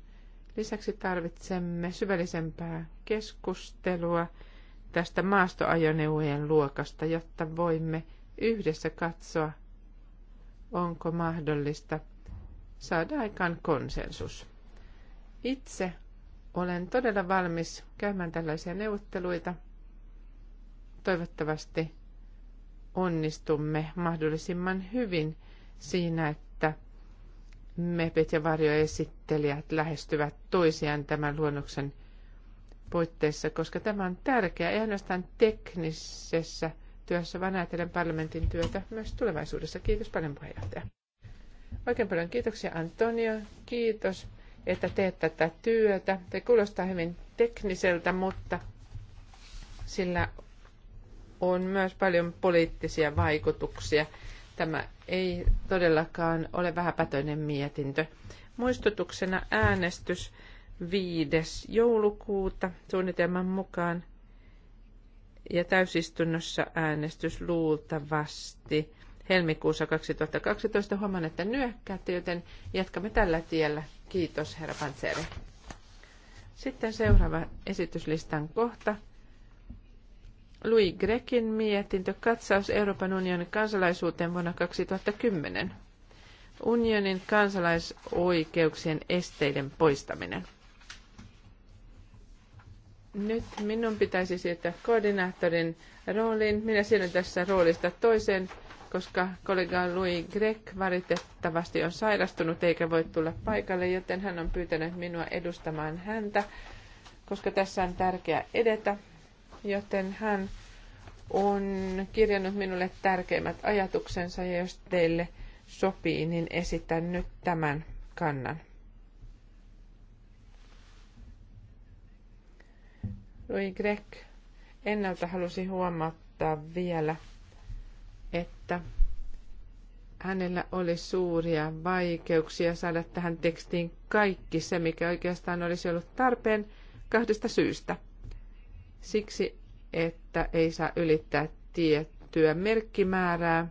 Lisäksi tarvitsemme syvällisempää keskustelua tästä maastoajoneuvojen luokasta, jotta voimme – yhdessä katsoa, onko mahdollista saada aikaan konsensus. Itse olen todella valmis käymään tällaisia neuvotteluita. Toivottavasti onnistumme mahdollisimman hyvin siinä, että mepet ja varjoesittelijät lähestyvät toisiaan tämän luonnoksen puitteissa, koska tämä on tärkeää ei ainoastaan teknisessä – työssä, vaan ajatellen parlamentin työtä myös tulevaisuudessa. Kiitos paljon puheenjohtaja. Oikein paljon kiitoksia Antonio. Kiitos, että teet tätä työtä. Te kuulostaa hyvin tekniseltä, mutta sillä on myös paljon poliittisia vaikutuksia. Tämä ei todellakaan ole vähäpätöinen mietintö. Muistutuksena äänestys 5. joulukuuta suunnitelman mukaan ja täysistunnossa äänestys luultavasti helmikuussa 2012. Huomaan, että nyökkäätte, joten jatkamme tällä tiellä. Kiitos, herra Pantseri. Sitten seuraava esityslistan kohta. Louis Grekin mietintö katsaus Euroopan unionin kansalaisuuteen vuonna 2010. Unionin kansalaisoikeuksien esteiden poistaminen. Nyt minun pitäisi siirtää koordinaattorin rooliin. Minä siirryn tässä roolista toiseen, koska kollega Louis Greg valitettavasti on sairastunut eikä voi tulla paikalle, joten hän on pyytänyt minua edustamaan häntä, koska tässä on tärkeää edetä. Joten hän on kirjannut minulle tärkeimmät ajatuksensa ja jos teille sopii, niin esitän nyt tämän kannan. Louis Greg ennalta halusi huomauttaa vielä, että hänellä oli suuria vaikeuksia saada tähän tekstiin kaikki se, mikä oikeastaan olisi ollut tarpeen kahdesta syystä. Siksi, että ei saa ylittää tiettyä merkkimäärää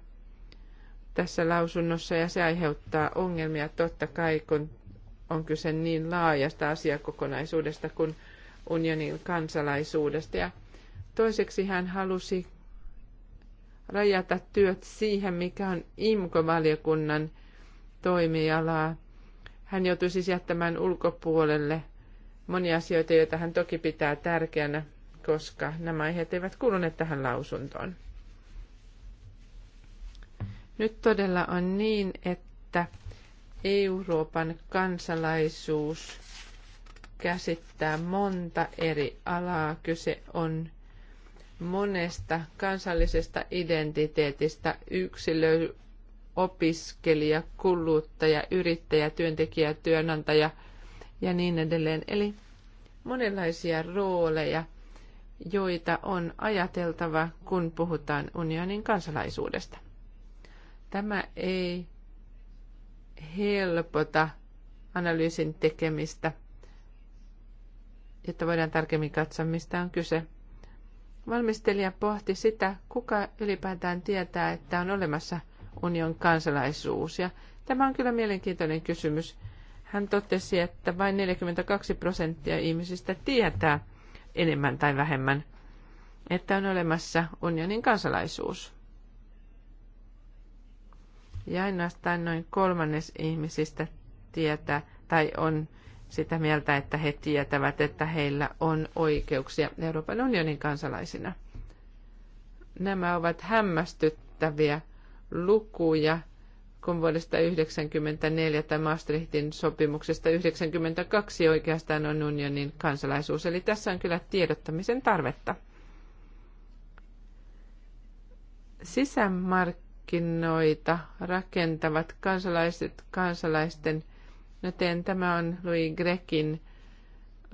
tässä lausunnossa ja se aiheuttaa ongelmia totta kai, kun on kyse niin laajasta asiakokonaisuudesta, kun unionin kansalaisuudesta. Ja toiseksi hän halusi rajata työt siihen, mikä on imco valiokunnan toimialaa. Hän joutui siis jättämään ulkopuolelle monia asioita, joita hän toki pitää tärkeänä, koska nämä aiheet eivät kuuluneet tähän lausuntoon. Nyt todella on niin, että Euroopan kansalaisuus käsittää monta eri alaa. Kyse on monesta kansallisesta identiteetistä, yksilö, opiskelija, kuluttaja, yrittäjä, työntekijä, työnantaja ja niin edelleen. Eli monenlaisia rooleja, joita on ajateltava, kun puhutaan unionin kansalaisuudesta. Tämä ei helpota analyysin tekemistä – jotta voidaan tarkemmin katsoa, mistä on kyse. Valmistelija pohti sitä, kuka ylipäätään tietää, että on olemassa union kansalaisuus. Ja tämä on kyllä mielenkiintoinen kysymys. Hän totesi, että vain 42 prosenttia ihmisistä tietää enemmän tai vähemmän, että on olemassa unionin kansalaisuus. Ja ainoastaan noin kolmannes ihmisistä tietää tai on sitä mieltä, että he tietävät, että heillä on oikeuksia Euroopan unionin kansalaisina. Nämä ovat hämmästyttäviä lukuja, kun vuodesta 1994 tai Maastrichtin sopimuksesta 1992 oikeastaan on unionin kansalaisuus. Eli tässä on kyllä tiedottamisen tarvetta. Sisämarkkinoita rakentavat kansalaiset kansalaisten – Joten tämä on Louis Grekin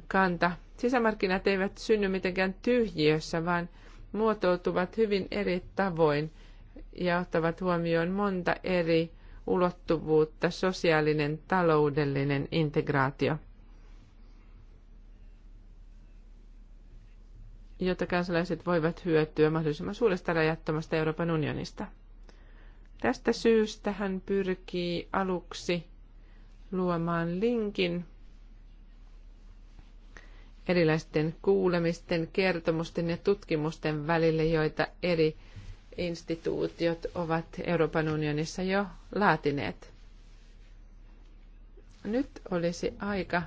kanta. Sisämarkkinat eivät synny mitenkään tyhjiössä, vaan muotoutuvat hyvin eri tavoin ja ottavat huomioon monta eri ulottuvuutta, sosiaalinen, taloudellinen integraatio, jotta kansalaiset voivat hyötyä mahdollisimman suuresta rajattomasta Euroopan unionista. Tästä syystä hän pyrkii aluksi luomaan linkin erilaisten kuulemisten, kertomusten ja tutkimusten välille, joita eri instituutiot ovat Euroopan unionissa jo laatineet. Nyt olisi aika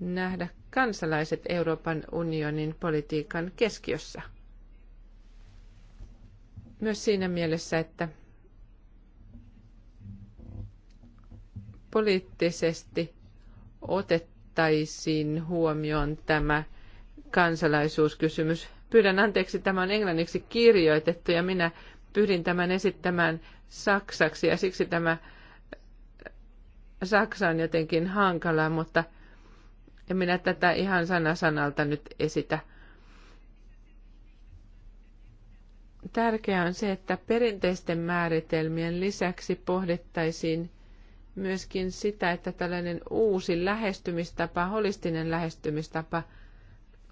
nähdä kansalaiset Euroopan unionin politiikan keskiössä. Myös siinä mielessä, että poliittisesti otettaisiin huomioon tämä kansalaisuuskysymys. Pyydän anteeksi, tämä on englanniksi kirjoitettu ja minä pyrin tämän esittämään saksaksi ja siksi tämä saksa on jotenkin hankalaa, mutta en minä tätä ihan sana sanalta nyt esitä. Tärkeää on se, että perinteisten määritelmien lisäksi pohdittaisiin – myöskin sitä, että tällainen uusi lähestymistapa, holistinen lähestymistapa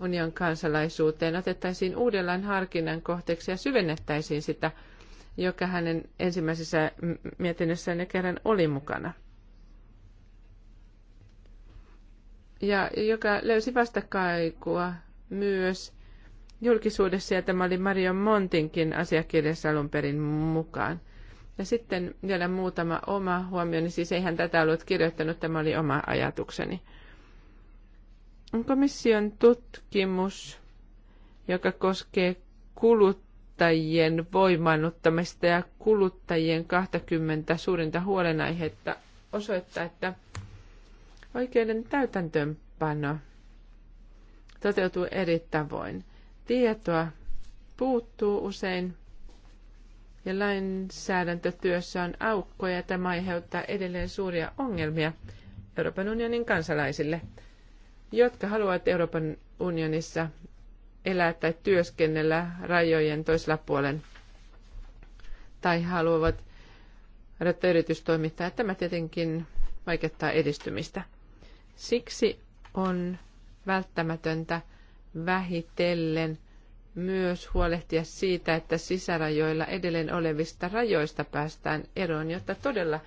union kansalaisuuteen otettaisiin uudenlainen harkinnan kohteeksi ja syvennettäisiin sitä, joka hänen ensimmäisessä mietinnössään ne kerran oli mukana. Ja joka löysi vastakaikua myös julkisuudessa, ja tämä oli Mario Montinkin asiakirjassa alun perin mukaan. Ja sitten vielä muutama oma niin siis eihän tätä ollut kirjoittanut, tämä oli oma ajatukseni. Komission tutkimus, joka koskee kuluttajien voimannuttamista ja kuluttajien 20 suurinta huolenaihetta, osoittaa, että oikeuden täytäntöönpano toteutuu eri tavoin. Tietoa puuttuu usein ja lainsäädäntötyössä on aukkoja ja tämä aiheuttaa edelleen suuria ongelmia Euroopan unionin kansalaisille, jotka haluavat Euroopan unionissa elää tai työskennellä rajojen toisella puolen tai haluavat harjoittaa yritystoimintaa. Tämä tietenkin vaikeuttaa edistymistä. Siksi on välttämätöntä vähitellen – myös huolehtia siitä, että sisärajoilla edelleen olevista rajoista päästään eroon, jotta todella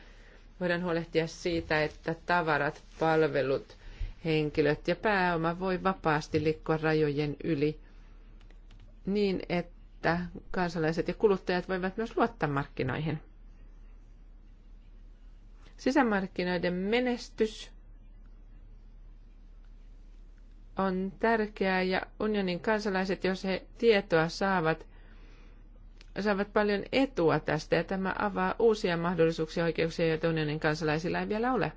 voidaan huolehtia siitä, että tavarat, palvelut, henkilöt ja pääoma voi vapaasti liikkua rajojen yli niin, että kansalaiset ja kuluttajat voivat myös luottaa markkinoihin. Sisämarkkinoiden menestys – on tärkeää ja unionin kansalaiset, jos he tietoa saavat, saavat paljon etua tästä ja tämä avaa uusia mahdollisuuksia oikeuksia, joita unionin kansalaisilla ei vielä ole.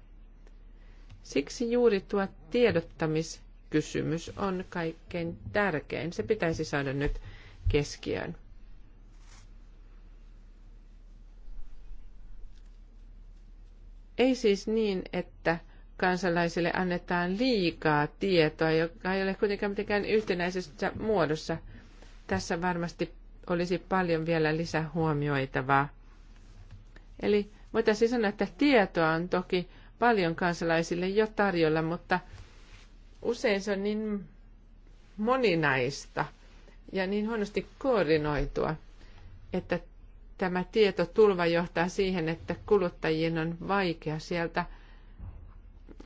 Siksi juuri tuo tiedottamiskysymys on kaikkein tärkein. Se pitäisi saada nyt keskiöön. Ei siis niin, että kansalaisille annetaan liikaa tietoa, joka ei ole kuitenkaan mitenkään yhtenäisessä muodossa. Tässä varmasti olisi paljon vielä lisähuomioitavaa. Eli voitaisiin sanoa, että tietoa on toki paljon kansalaisille jo tarjolla, mutta usein se on niin moninaista ja niin huonosti koordinoitua, että tämä tietotulva johtaa siihen, että kuluttajien on vaikea sieltä –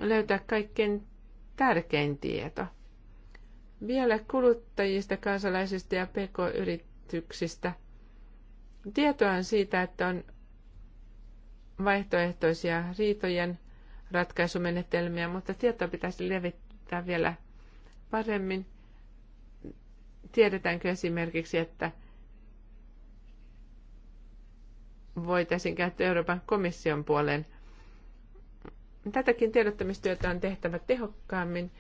löytää kaikkein tärkein tieto. Vielä kuluttajista, kansalaisista ja pk-yrityksistä. Tietoa on siitä, että on vaihtoehtoisia riitojen ratkaisumenetelmiä, mutta tietoa pitäisi levittää vielä paremmin. Tiedetäänkö esimerkiksi, että voitaisiin käyttää Euroopan komission puolen – Tätäkin tiedottamistyötä on tehtävä tehokkaammin.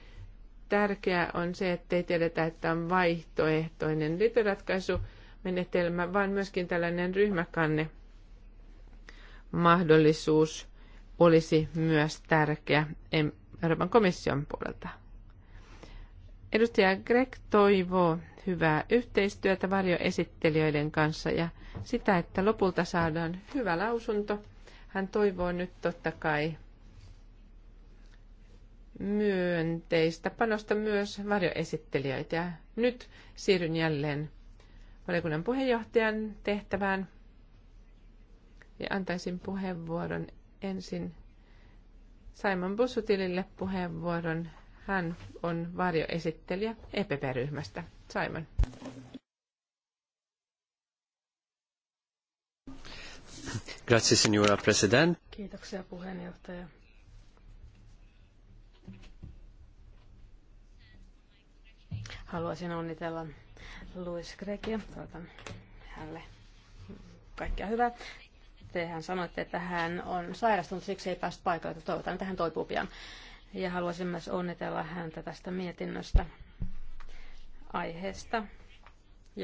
Tärkeää on se, ei tiedetä, että on vaihtoehtoinen liitoratkaisumenetelmä, vaan myöskin tällainen ryhmäkanne mahdollisuus olisi myös tärkeä Euroopan komission puolelta. Edustaja Greg toivoo hyvää yhteistyötä varjoesittelijöiden kanssa ja sitä, että lopulta saadaan hyvä lausunto. Hän toivoo nyt totta kai myönteistä panosta myös varjoesittelijöitä. Ja nyt siirryn jälleen valiokunnan puheenjohtajan tehtävään ja antaisin puheenvuoron ensin Simon Bussutilille puheenvuoron. Hän on varjoesittelijä EPP-ryhmästä. Simon. Grazie, signora President. Kiitoksia puheenjohtaja. Haluaisin onnitella Louis Gregia. Toivotan hänelle kaikkea hyvää. Tehän sanoitte, että hän on sairastunut, siksi ei päästä paikalle, että toivotan, että hän toipuu pian. Ja haluaisin myös onnitella häntä tästä mietinnöstä aiheesta,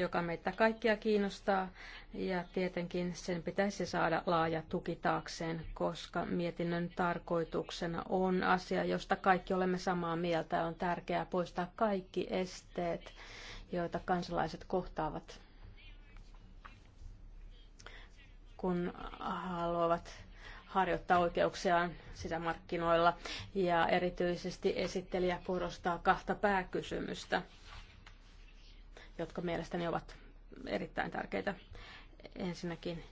joka meitä kaikkia kiinnostaa ja tietenkin sen pitäisi saada laaja tuki taakseen, koska mietinnön tarkoituksena on asia, josta kaikki olemme samaa mieltä. On tärkeää poistaa kaikki esteet, joita kansalaiset kohtaavat, kun haluavat harjoittaa oikeuksiaan sisämarkkinoilla. Ja erityisesti esittelijä korostaa kahta pääkysymystä – jotka mielestäni ovat erittäin tärkeitä. Ensinnäkin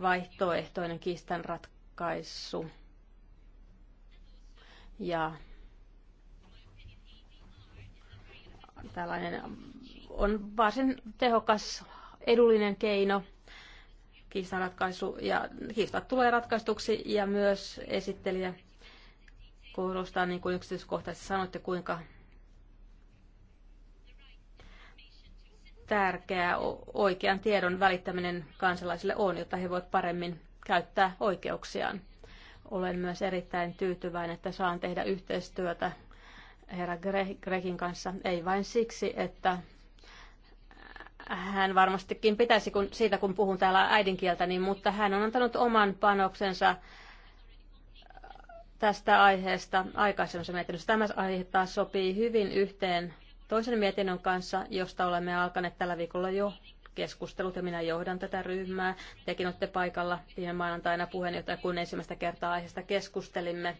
vaihtoehtoinen kiistanratkaisu ja tällainen on varsin tehokas, edullinen keino kiistanratkaisu ja kiistat tulee ratkaistuksi ja myös esittelijä korostaa, niin kuin yksityiskohtaisesti sanoitte, kuinka tärkeää oikean tiedon välittäminen kansalaisille on, jotta he voivat paremmin käyttää oikeuksiaan. Olen myös erittäin tyytyväinen, että saan tehdä yhteistyötä herra Grekin kanssa, ei vain siksi, että hän varmastikin pitäisi kun, siitä, kun puhun täällä äidinkieltä, niin, mutta hän on antanut oman panoksensa tästä aiheesta aikaisemmassa mietinnössä. Tämä aihe taas sopii hyvin yhteen toisen mietinnön kanssa, josta olemme alkaneet tällä viikolla jo keskustelut ja minä johdan tätä ryhmää. Tekin olette paikalla viime maanantaina puheenjohtaja, kun ensimmäistä kertaa aiheesta keskustelimme.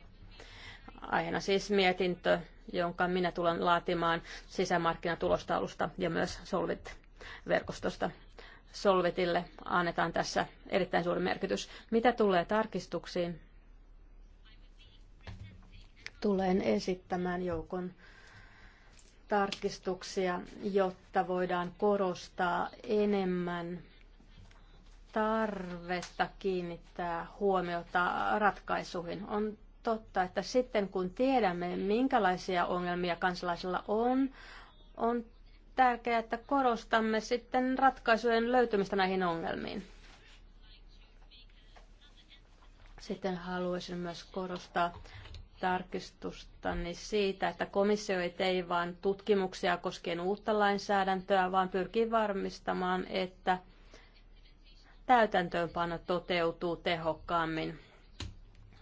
Aiheena siis mietintö, jonka minä tulen laatimaan sisämarkkinatulostaulusta ja myös Solvit-verkostosta. Solvitille annetaan tässä erittäin suuri merkitys. Mitä tulee tarkistuksiin? Tulen esittämään joukon tarkistuksia, jotta voidaan korostaa enemmän tarvetta kiinnittää huomiota ratkaisuihin. On totta, että sitten kun tiedämme, minkälaisia ongelmia kansalaisilla on, on tärkeää, että korostamme sitten ratkaisujen löytymistä näihin ongelmiin. Sitten haluaisin myös korostaa tarkistusta niin siitä, että komissio ei tee vain tutkimuksia koskien uutta lainsäädäntöä, vaan pyrkii varmistamaan, että täytäntöönpano toteutuu tehokkaammin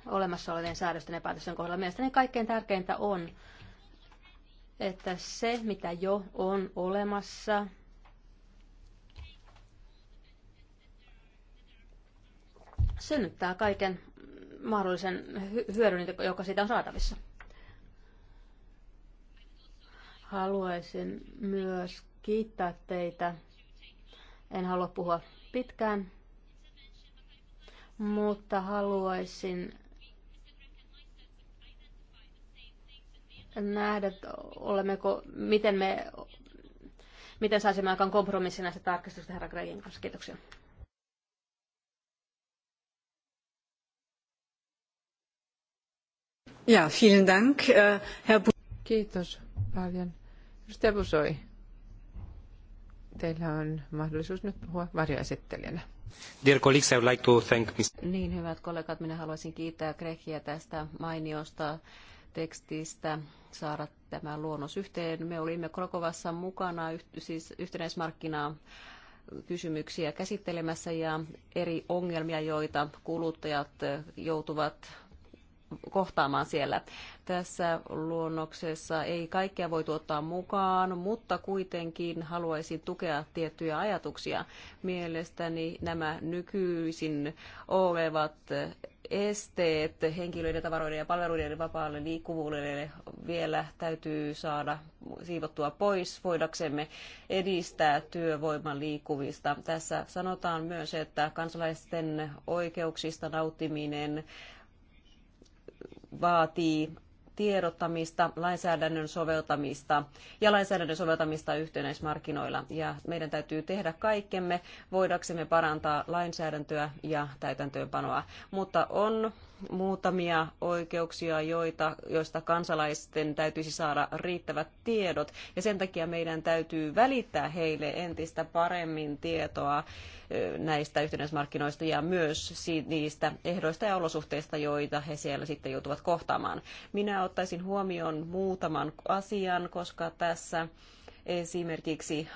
olemassa olevien säädösten ja päätösten kohdalla. Mielestäni kaikkein tärkeintä on, että se, mitä jo on olemassa, synnyttää kaiken mahdollisen hyödyn, joka siitä on saatavissa. Haluaisin myös kiittää teitä. En halua puhua pitkään, mutta haluaisin nähdä, olemmeko, miten me miten saisimme aikaan kompromissin näistä tarkistuksista herra Gregin kanssa. Kiitoksia. Ja, äh, Kiitos paljon. Edustaja Busoi, teillä on mahdollisuus nyt puhua varjoesittelijänä. Dear colleagues, I would like to thank Mr. Niin, hyvät kollegat, minä haluaisin kiittää Grekia tästä mainiosta tekstistä saada tämä luonnos yhteen. Me olimme Krokovassa mukana siis yhtenäismarkkinaa kysymyksiä käsittelemässä ja eri ongelmia, joita kuluttajat joutuvat kohtaamaan siellä. Tässä luonnoksessa ei kaikkea voi tuottaa mukaan, mutta kuitenkin haluaisin tukea tiettyjä ajatuksia. Mielestäni nämä nykyisin olevat esteet henkilöiden, tavaroiden ja palveluiden vapaalle liikkuvuudelle vielä täytyy saada siivottua pois, voidaksemme edistää työvoiman liikkuvista. Tässä sanotaan myös, että kansalaisten oikeuksista nauttiminen vaatii tiedottamista, lainsäädännön soveltamista ja lainsäädännön soveltamista yhtenäismarkkinoilla. Ja meidän täytyy tehdä kaikkemme, voidaksemme parantaa lainsäädäntöä ja täytäntöönpanoa. Mutta on muutamia oikeuksia, joita, joista kansalaisten täytyisi saada riittävät tiedot. Ja sen takia meidän täytyy välittää heille entistä paremmin tietoa näistä yhteydessä ja myös niistä ehdoista ja olosuhteista, joita he siellä sitten joutuvat kohtaamaan. Minä ottaisin huomioon muutaman asian, koska tässä esimerkiksi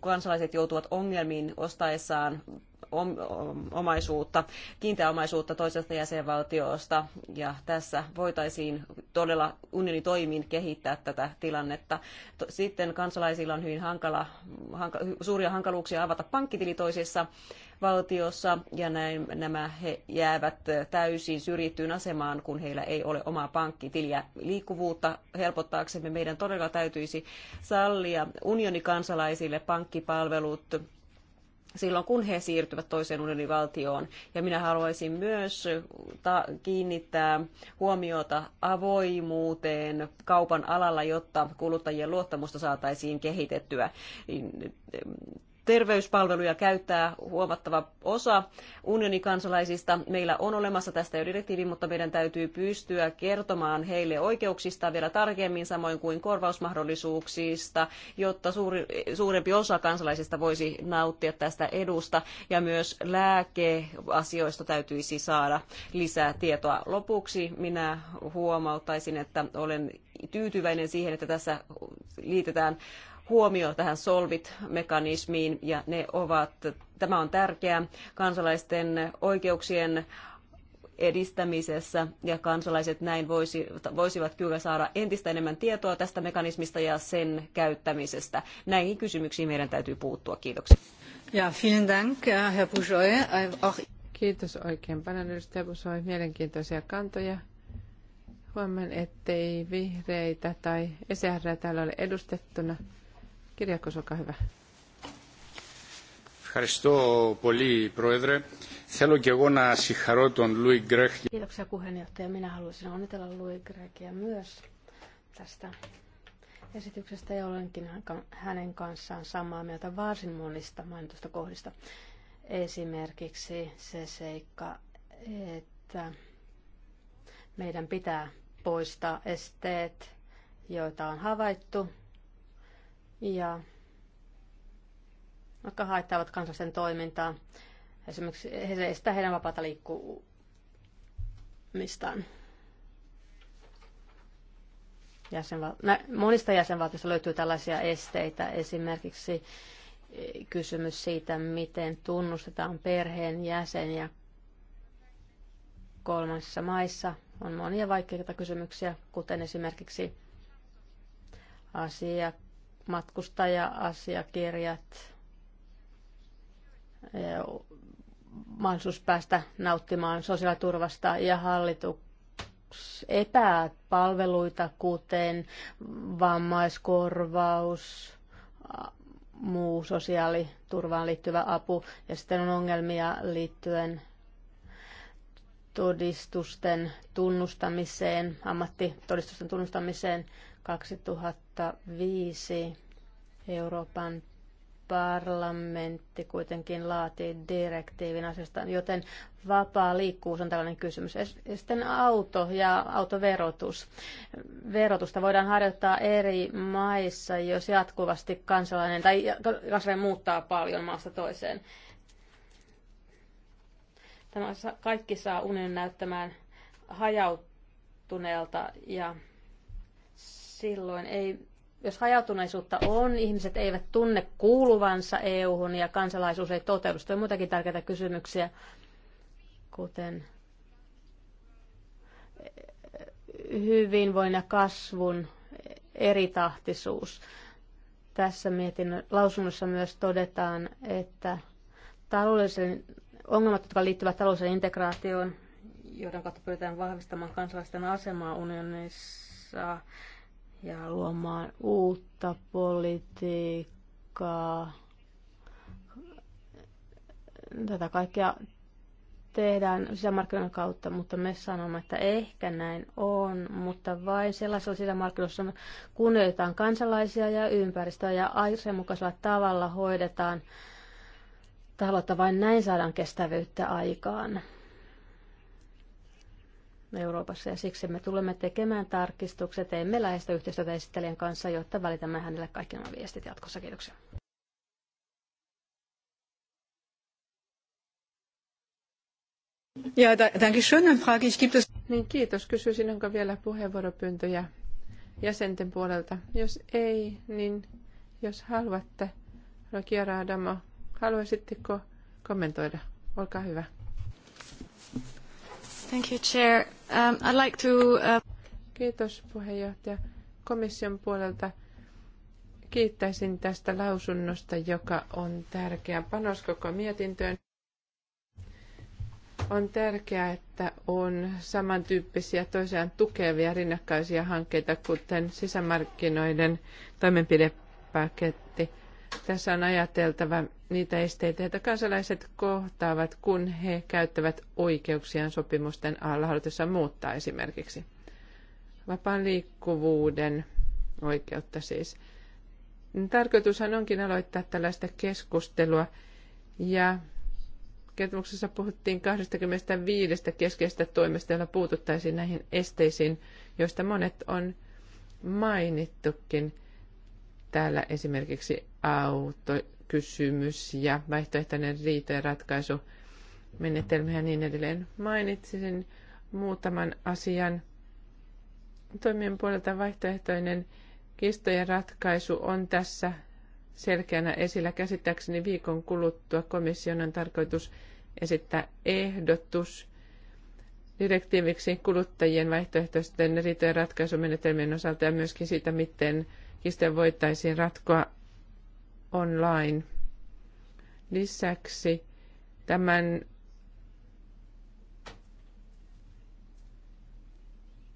kansalaiset joutuvat ongelmiin ostaessaan omaisuutta, kiinteäomaisuutta toisesta jäsenvaltiosta. Ja tässä voitaisiin todella unionin toimin kehittää tätä tilannetta. Sitten kansalaisilla on hyvin hankala, hanka, suuria hankaluuksia avata pankkitili toisessa valtiossa ja näin nämä he jäävät täysin syrjittyyn asemaan, kun heillä ei ole omaa pankkitiliä. Liikkuvuutta helpottaaksemme meidän todella täytyisi sallia unionikansalaisille pankkipalvelut silloin, kun he siirtyvät toiseen unionivaltioon. Ja minä haluaisin myös kiinnittää huomiota avoimuuteen kaupan alalla, jotta kuluttajien luottamusta saataisiin kehitettyä terveyspalveluja käyttää huomattava osa unionin kansalaisista. Meillä on olemassa tästä jo direktiivi, mutta meidän täytyy pystyä kertomaan heille oikeuksista vielä tarkemmin, samoin kuin korvausmahdollisuuksista, jotta suuri, suurempi osa kansalaisista voisi nauttia tästä edusta. Ja myös lääkeasioista täytyisi saada lisää tietoa. Lopuksi minä huomauttaisin, että olen tyytyväinen siihen, että tässä liitetään huomio tähän solvit-mekanismiin ja ne ovat, tämä on tärkeää kansalaisten oikeuksien edistämisessä ja kansalaiset näin voisi, voisivat kyllä saada entistä enemmän tietoa tästä mekanismista ja sen käyttämisestä. Näihin kysymyksiin meidän täytyy puuttua. Kiitoksia. Ja, vielen dank, äh, Herr Bourgeois. Äh, auch... Kiitos oikein paljon, edustaja Bourgeois. Mielenkiintoisia kantoja. Huomaan, ettei vihreitä tai ECR täällä ole edustettuna. Kirjakos, olkaa hyvä. Ευχαριστώ πολύ, Πρόεδρε. Θέλω και εγώ να συγχαρώ τον Λουί Γκρέχ. Kiitoksia puheenjohtaja. Minä haluaisin onnitella Louis Grechia myös tästä esityksestä ja olenkin hänen kanssaan samaa mieltä varsin monista mainitusta kohdista. Esimerkiksi se seikka, että meidän pitää poistaa esteet, joita on havaittu ja jotka haittaavat kansallisen toimintaa. Esimerkiksi he estää heidän vapaata liikkumistaan. Jäsenval- monista jäsenvaltioista löytyy tällaisia esteitä, esimerkiksi eh, kysymys siitä, miten tunnustetaan perheen jäseniä kolmansissa maissa. On monia vaikeita kysymyksiä, kuten esimerkiksi asiakkaat matkustaja-asiakirjat, mahdollisuus päästä nauttimaan sosiaaliturvasta ja hallituksesta epäpalveluita, kuten vammaiskorvaus, muu sosiaaliturvaan liittyvä apu ja sitten on ongelmia liittyen todistusten tunnustamiseen, ammattitodistusten tunnustamiseen 2000 2005 Euroopan parlamentti kuitenkin laatii direktiivin asiasta, joten vapaa liikkuvuus on tällainen kysymys. sitten auto ja autoverotus. Verotusta voidaan harjoittaa eri maissa, jos jatkuvasti kansalainen tai kansalainen muuttaa paljon maasta toiseen. Tämä kaikki saa unen näyttämään hajautuneelta ja silloin ei, jos hajautuneisuutta on, ihmiset eivät tunne kuuluvansa EU-hun ja kansalaisuus ei toteudu. Sitten on muitakin tärkeitä kysymyksiä, kuten hyvinvoinnin ja kasvun eritahtisuus. Tässä mietin, lausunnossa myös todetaan, että taloudellisen, ongelmat, jotka liittyvät taloudelliseen integraatioon, joiden kautta pyritään vahvistamaan kansalaisten asemaa unionissa, ja luomaan uutta politiikkaa. Tätä kaikkea tehdään sisämarkkinoiden kautta, mutta me sanomme, että ehkä näin on, mutta vain sellaisella sisämarkkinoissa kunnioitetaan kansalaisia ja ympäristöä ja asianmukaisella tavalla hoidetaan taloutta, vain näin saadaan kestävyyttä aikaan. Euroopassa ja siksi me tulemme tekemään tarkistukset. Teemme läheistä yhteistyötä esittelijän kanssa, jotta välitämme hänelle kaikki nämä viestit jatkossa. Kiitoksia. Ja, danke schön. Dann frage ich, gibt es... Niin, kiitos. Kysyisin, onko vielä puheenvuoropyyntöjä jäsenten puolelta. Jos ei, niin jos haluatte, Rokia Raadamo, haluaisitteko kommentoida? Olkaa hyvä. Thank you, Chair. Um, I'd like to, uh... Kiitos puheenjohtaja. Komission puolelta kiittäisin tästä lausunnosta, joka on tärkeä panos koko mietintöön. On tärkeää, että on samantyyppisiä toisiaan tukevia rinnakkaisia hankkeita, kuten sisämarkkinoiden toimenpidepaketti – tässä on ajateltava niitä esteitä, joita kansalaiset kohtaavat, kun he käyttävät oikeuksiaan sopimusten alla halutessa muuttaa esimerkiksi. Vapaan liikkuvuuden oikeutta siis. Tarkoitushan onkin aloittaa tällaista keskustelua ja kertomuksessa puhuttiin 25 keskeistä toimesta, joilla puututtaisiin näihin esteisiin, joista monet on mainittukin – täällä esimerkiksi autokysymys ja vaihtoehtoinen riita- ja ratkaisumenetelmä ja niin edelleen. Mainitsisin muutaman asian. Toimien puolelta vaihtoehtoinen kistojen ratkaisu on tässä selkeänä esillä. Käsittääkseni viikon kuluttua komission on tarkoitus esittää ehdotus direktiiviksi kuluttajien vaihtoehtoisten riitojen ratkaisumenetelmien osalta ja myöskin siitä, miten kiste voitaisiin ratkoa online. Lisäksi tämän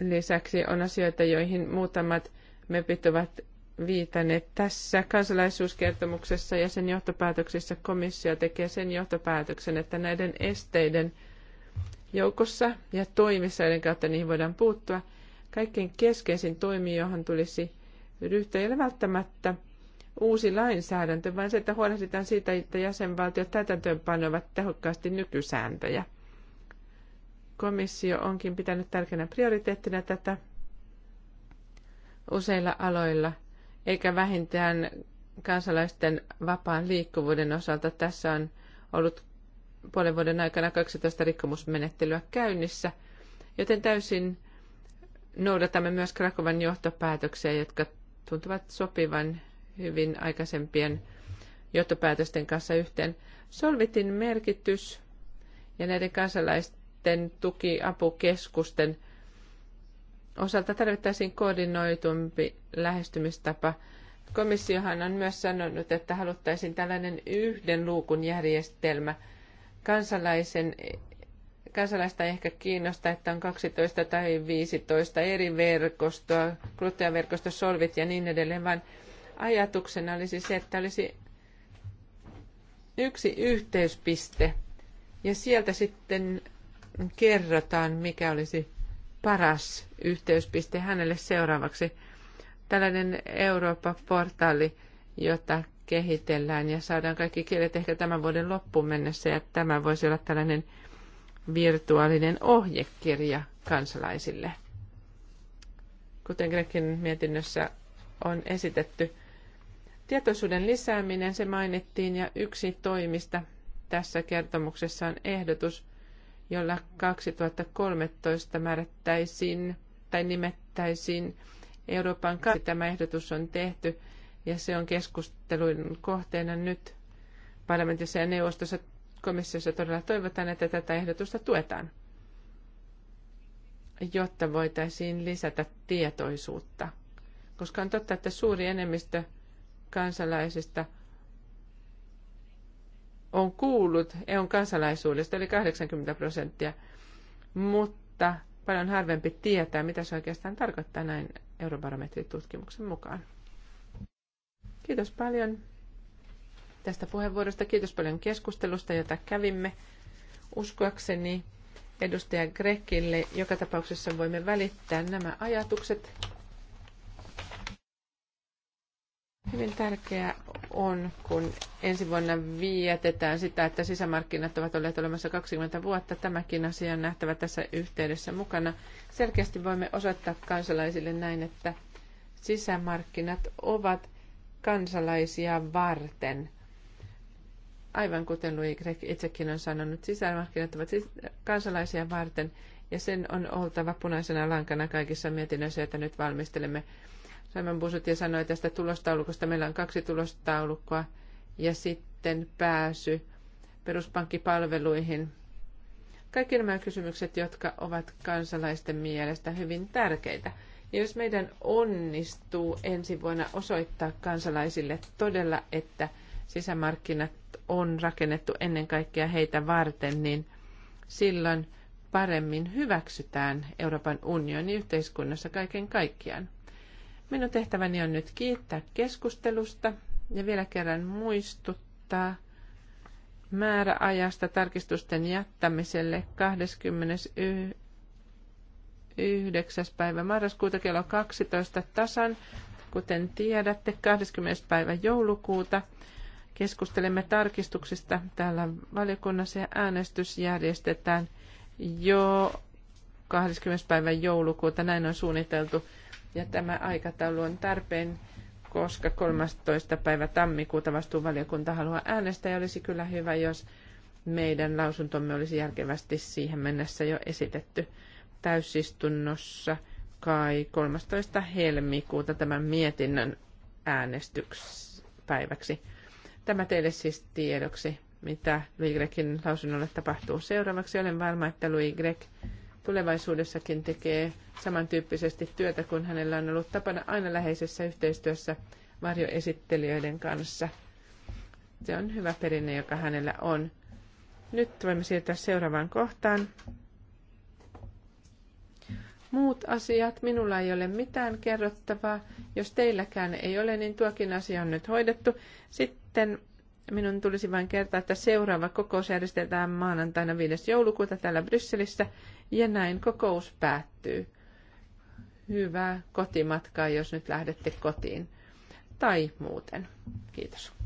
lisäksi on asioita, joihin muutamat mepit ovat viitanneet tässä kansalaisuuskertomuksessa ja sen johtopäätöksissä komissio tekee sen johtopäätöksen, että näiden esteiden joukossa ja toimissa, joiden kautta niihin voidaan puuttua, kaikkein keskeisin toimi, johon tulisi ryhtyä. Ei ole välttämättä uusi lainsäädäntö, vaan se, että huolehditaan siitä, että jäsenvaltiot täytäntöönpanovat tehokkaasti nykysääntöjä. Komissio onkin pitänyt tärkeänä prioriteettina tätä useilla aloilla, eikä vähintään kansalaisten vapaan liikkuvuuden osalta. Tässä on ollut puolen vuoden aikana 12 rikkomusmenettelyä käynnissä, joten täysin noudatamme myös Krakovan johtopäätöksiä, jotka tuntuvat sopivan hyvin aikaisempien johtopäätösten kanssa yhteen. Solvitin merkitys ja näiden kansalaisten tukiapukeskusten osalta tarvittaisiin koordinoitumpi lähestymistapa. Komissiohan on myös sanonut, että haluttaisiin tällainen yhden luukun järjestelmä kansalaisen kansalaista ehkä kiinnosta, että on 12 tai 15 eri verkostoa, kuluttajaverkosto, solvit ja niin edelleen, vaan ajatuksena olisi se, että olisi yksi yhteyspiste ja sieltä sitten kerrotaan, mikä olisi paras yhteyspiste hänelle seuraavaksi. Tällainen Eurooppa-portaali, jota kehitellään ja saadaan kaikki kielet ehkä tämän vuoden loppuun mennessä ja tämä voisi olla tällainen virtuaalinen ohjekirja kansalaisille. Kuten Grekin mietinnössä on esitetty, tietoisuuden lisääminen, se mainittiin, ja yksi toimista tässä kertomuksessa on ehdotus, jolla 2013 määrättäisiin tai nimettäisiin Euroopan kanssa. Tämä ehdotus on tehty ja se on keskustelun kohteena nyt parlamentissa ja neuvostossa komissiossa todella toivotaan, että tätä ehdotusta tuetaan, jotta voitaisiin lisätä tietoisuutta. Koska on totta, että suuri enemmistö kansalaisista on kuullut EUn kansalaisuudesta, eli 80 prosenttia, mutta paljon harvempi tietää, mitä se oikeastaan tarkoittaa näin eurobarometritutkimuksen mukaan. Kiitos paljon tästä puheenvuorosta. Kiitos paljon keskustelusta, jota kävimme. Uskoakseni edustaja Grekille joka tapauksessa voimme välittää nämä ajatukset. Hyvin tärkeää on, kun ensi vuonna vietetään sitä, että sisämarkkinat ovat olleet olemassa 20 vuotta. Tämäkin asia on nähtävä tässä yhteydessä mukana. Selkeästi voimme osoittaa kansalaisille näin, että sisämarkkinat ovat kansalaisia varten – aivan kuten Louis Gregg itsekin on sanonut, sisämarkkinat ovat siis kansalaisia varten ja sen on oltava punaisena lankana kaikissa mietinnöissä, joita nyt valmistelemme. Simon ja sanoi tästä tulostaulukosta. Meillä on kaksi tulostaulukkoa ja sitten pääsy peruspankkipalveluihin. Kaikki nämä kysymykset, jotka ovat kansalaisten mielestä hyvin tärkeitä. Ja jos meidän onnistuu ensi vuonna osoittaa kansalaisille todella, että – sisämarkkinat on rakennettu ennen kaikkea heitä varten, niin silloin paremmin hyväksytään Euroopan unioni yhteiskunnassa kaiken kaikkiaan. Minun tehtäväni on nyt kiittää keskustelusta ja vielä kerran muistuttaa määräajasta tarkistusten jättämiselle 29. päivä marraskuuta kello 12 tasan, kuten tiedätte, 20. päivä joulukuuta Keskustelemme tarkistuksista täällä valiokunnassa ja äänestys järjestetään jo 20. päivän joulukuuta. Näin on suunniteltu ja tämä aikataulu on tarpeen, koska 13. päivä tammikuuta vastuuvaliokunta haluaa äänestää ja olisi kyllä hyvä, jos meidän lausuntomme olisi järkevästi siihen mennessä jo esitetty täysistunnossa kai 13. helmikuuta tämän mietinnön äänestyspäiväksi. Tämä teille siis tiedoksi, mitä Louis Gregin lausunnolle tapahtuu. Seuraavaksi olen varma, että Louis Greg tulevaisuudessakin tekee samantyyppisesti työtä, kun hänellä on ollut tapana aina läheisessä yhteistyössä varjoesittelijöiden kanssa. Se on hyvä perinne, joka hänellä on. Nyt voimme siirtyä seuraavaan kohtaan muut asiat. Minulla ei ole mitään kerrottavaa. Jos teilläkään ei ole, niin tuokin asia on nyt hoidettu. Sitten minun tulisi vain kertoa, että seuraava kokous järjestetään maanantaina 5. joulukuuta täällä Brysselissä. Ja näin kokous päättyy. Hyvää kotimatkaa, jos nyt lähdette kotiin. Tai muuten. Kiitos.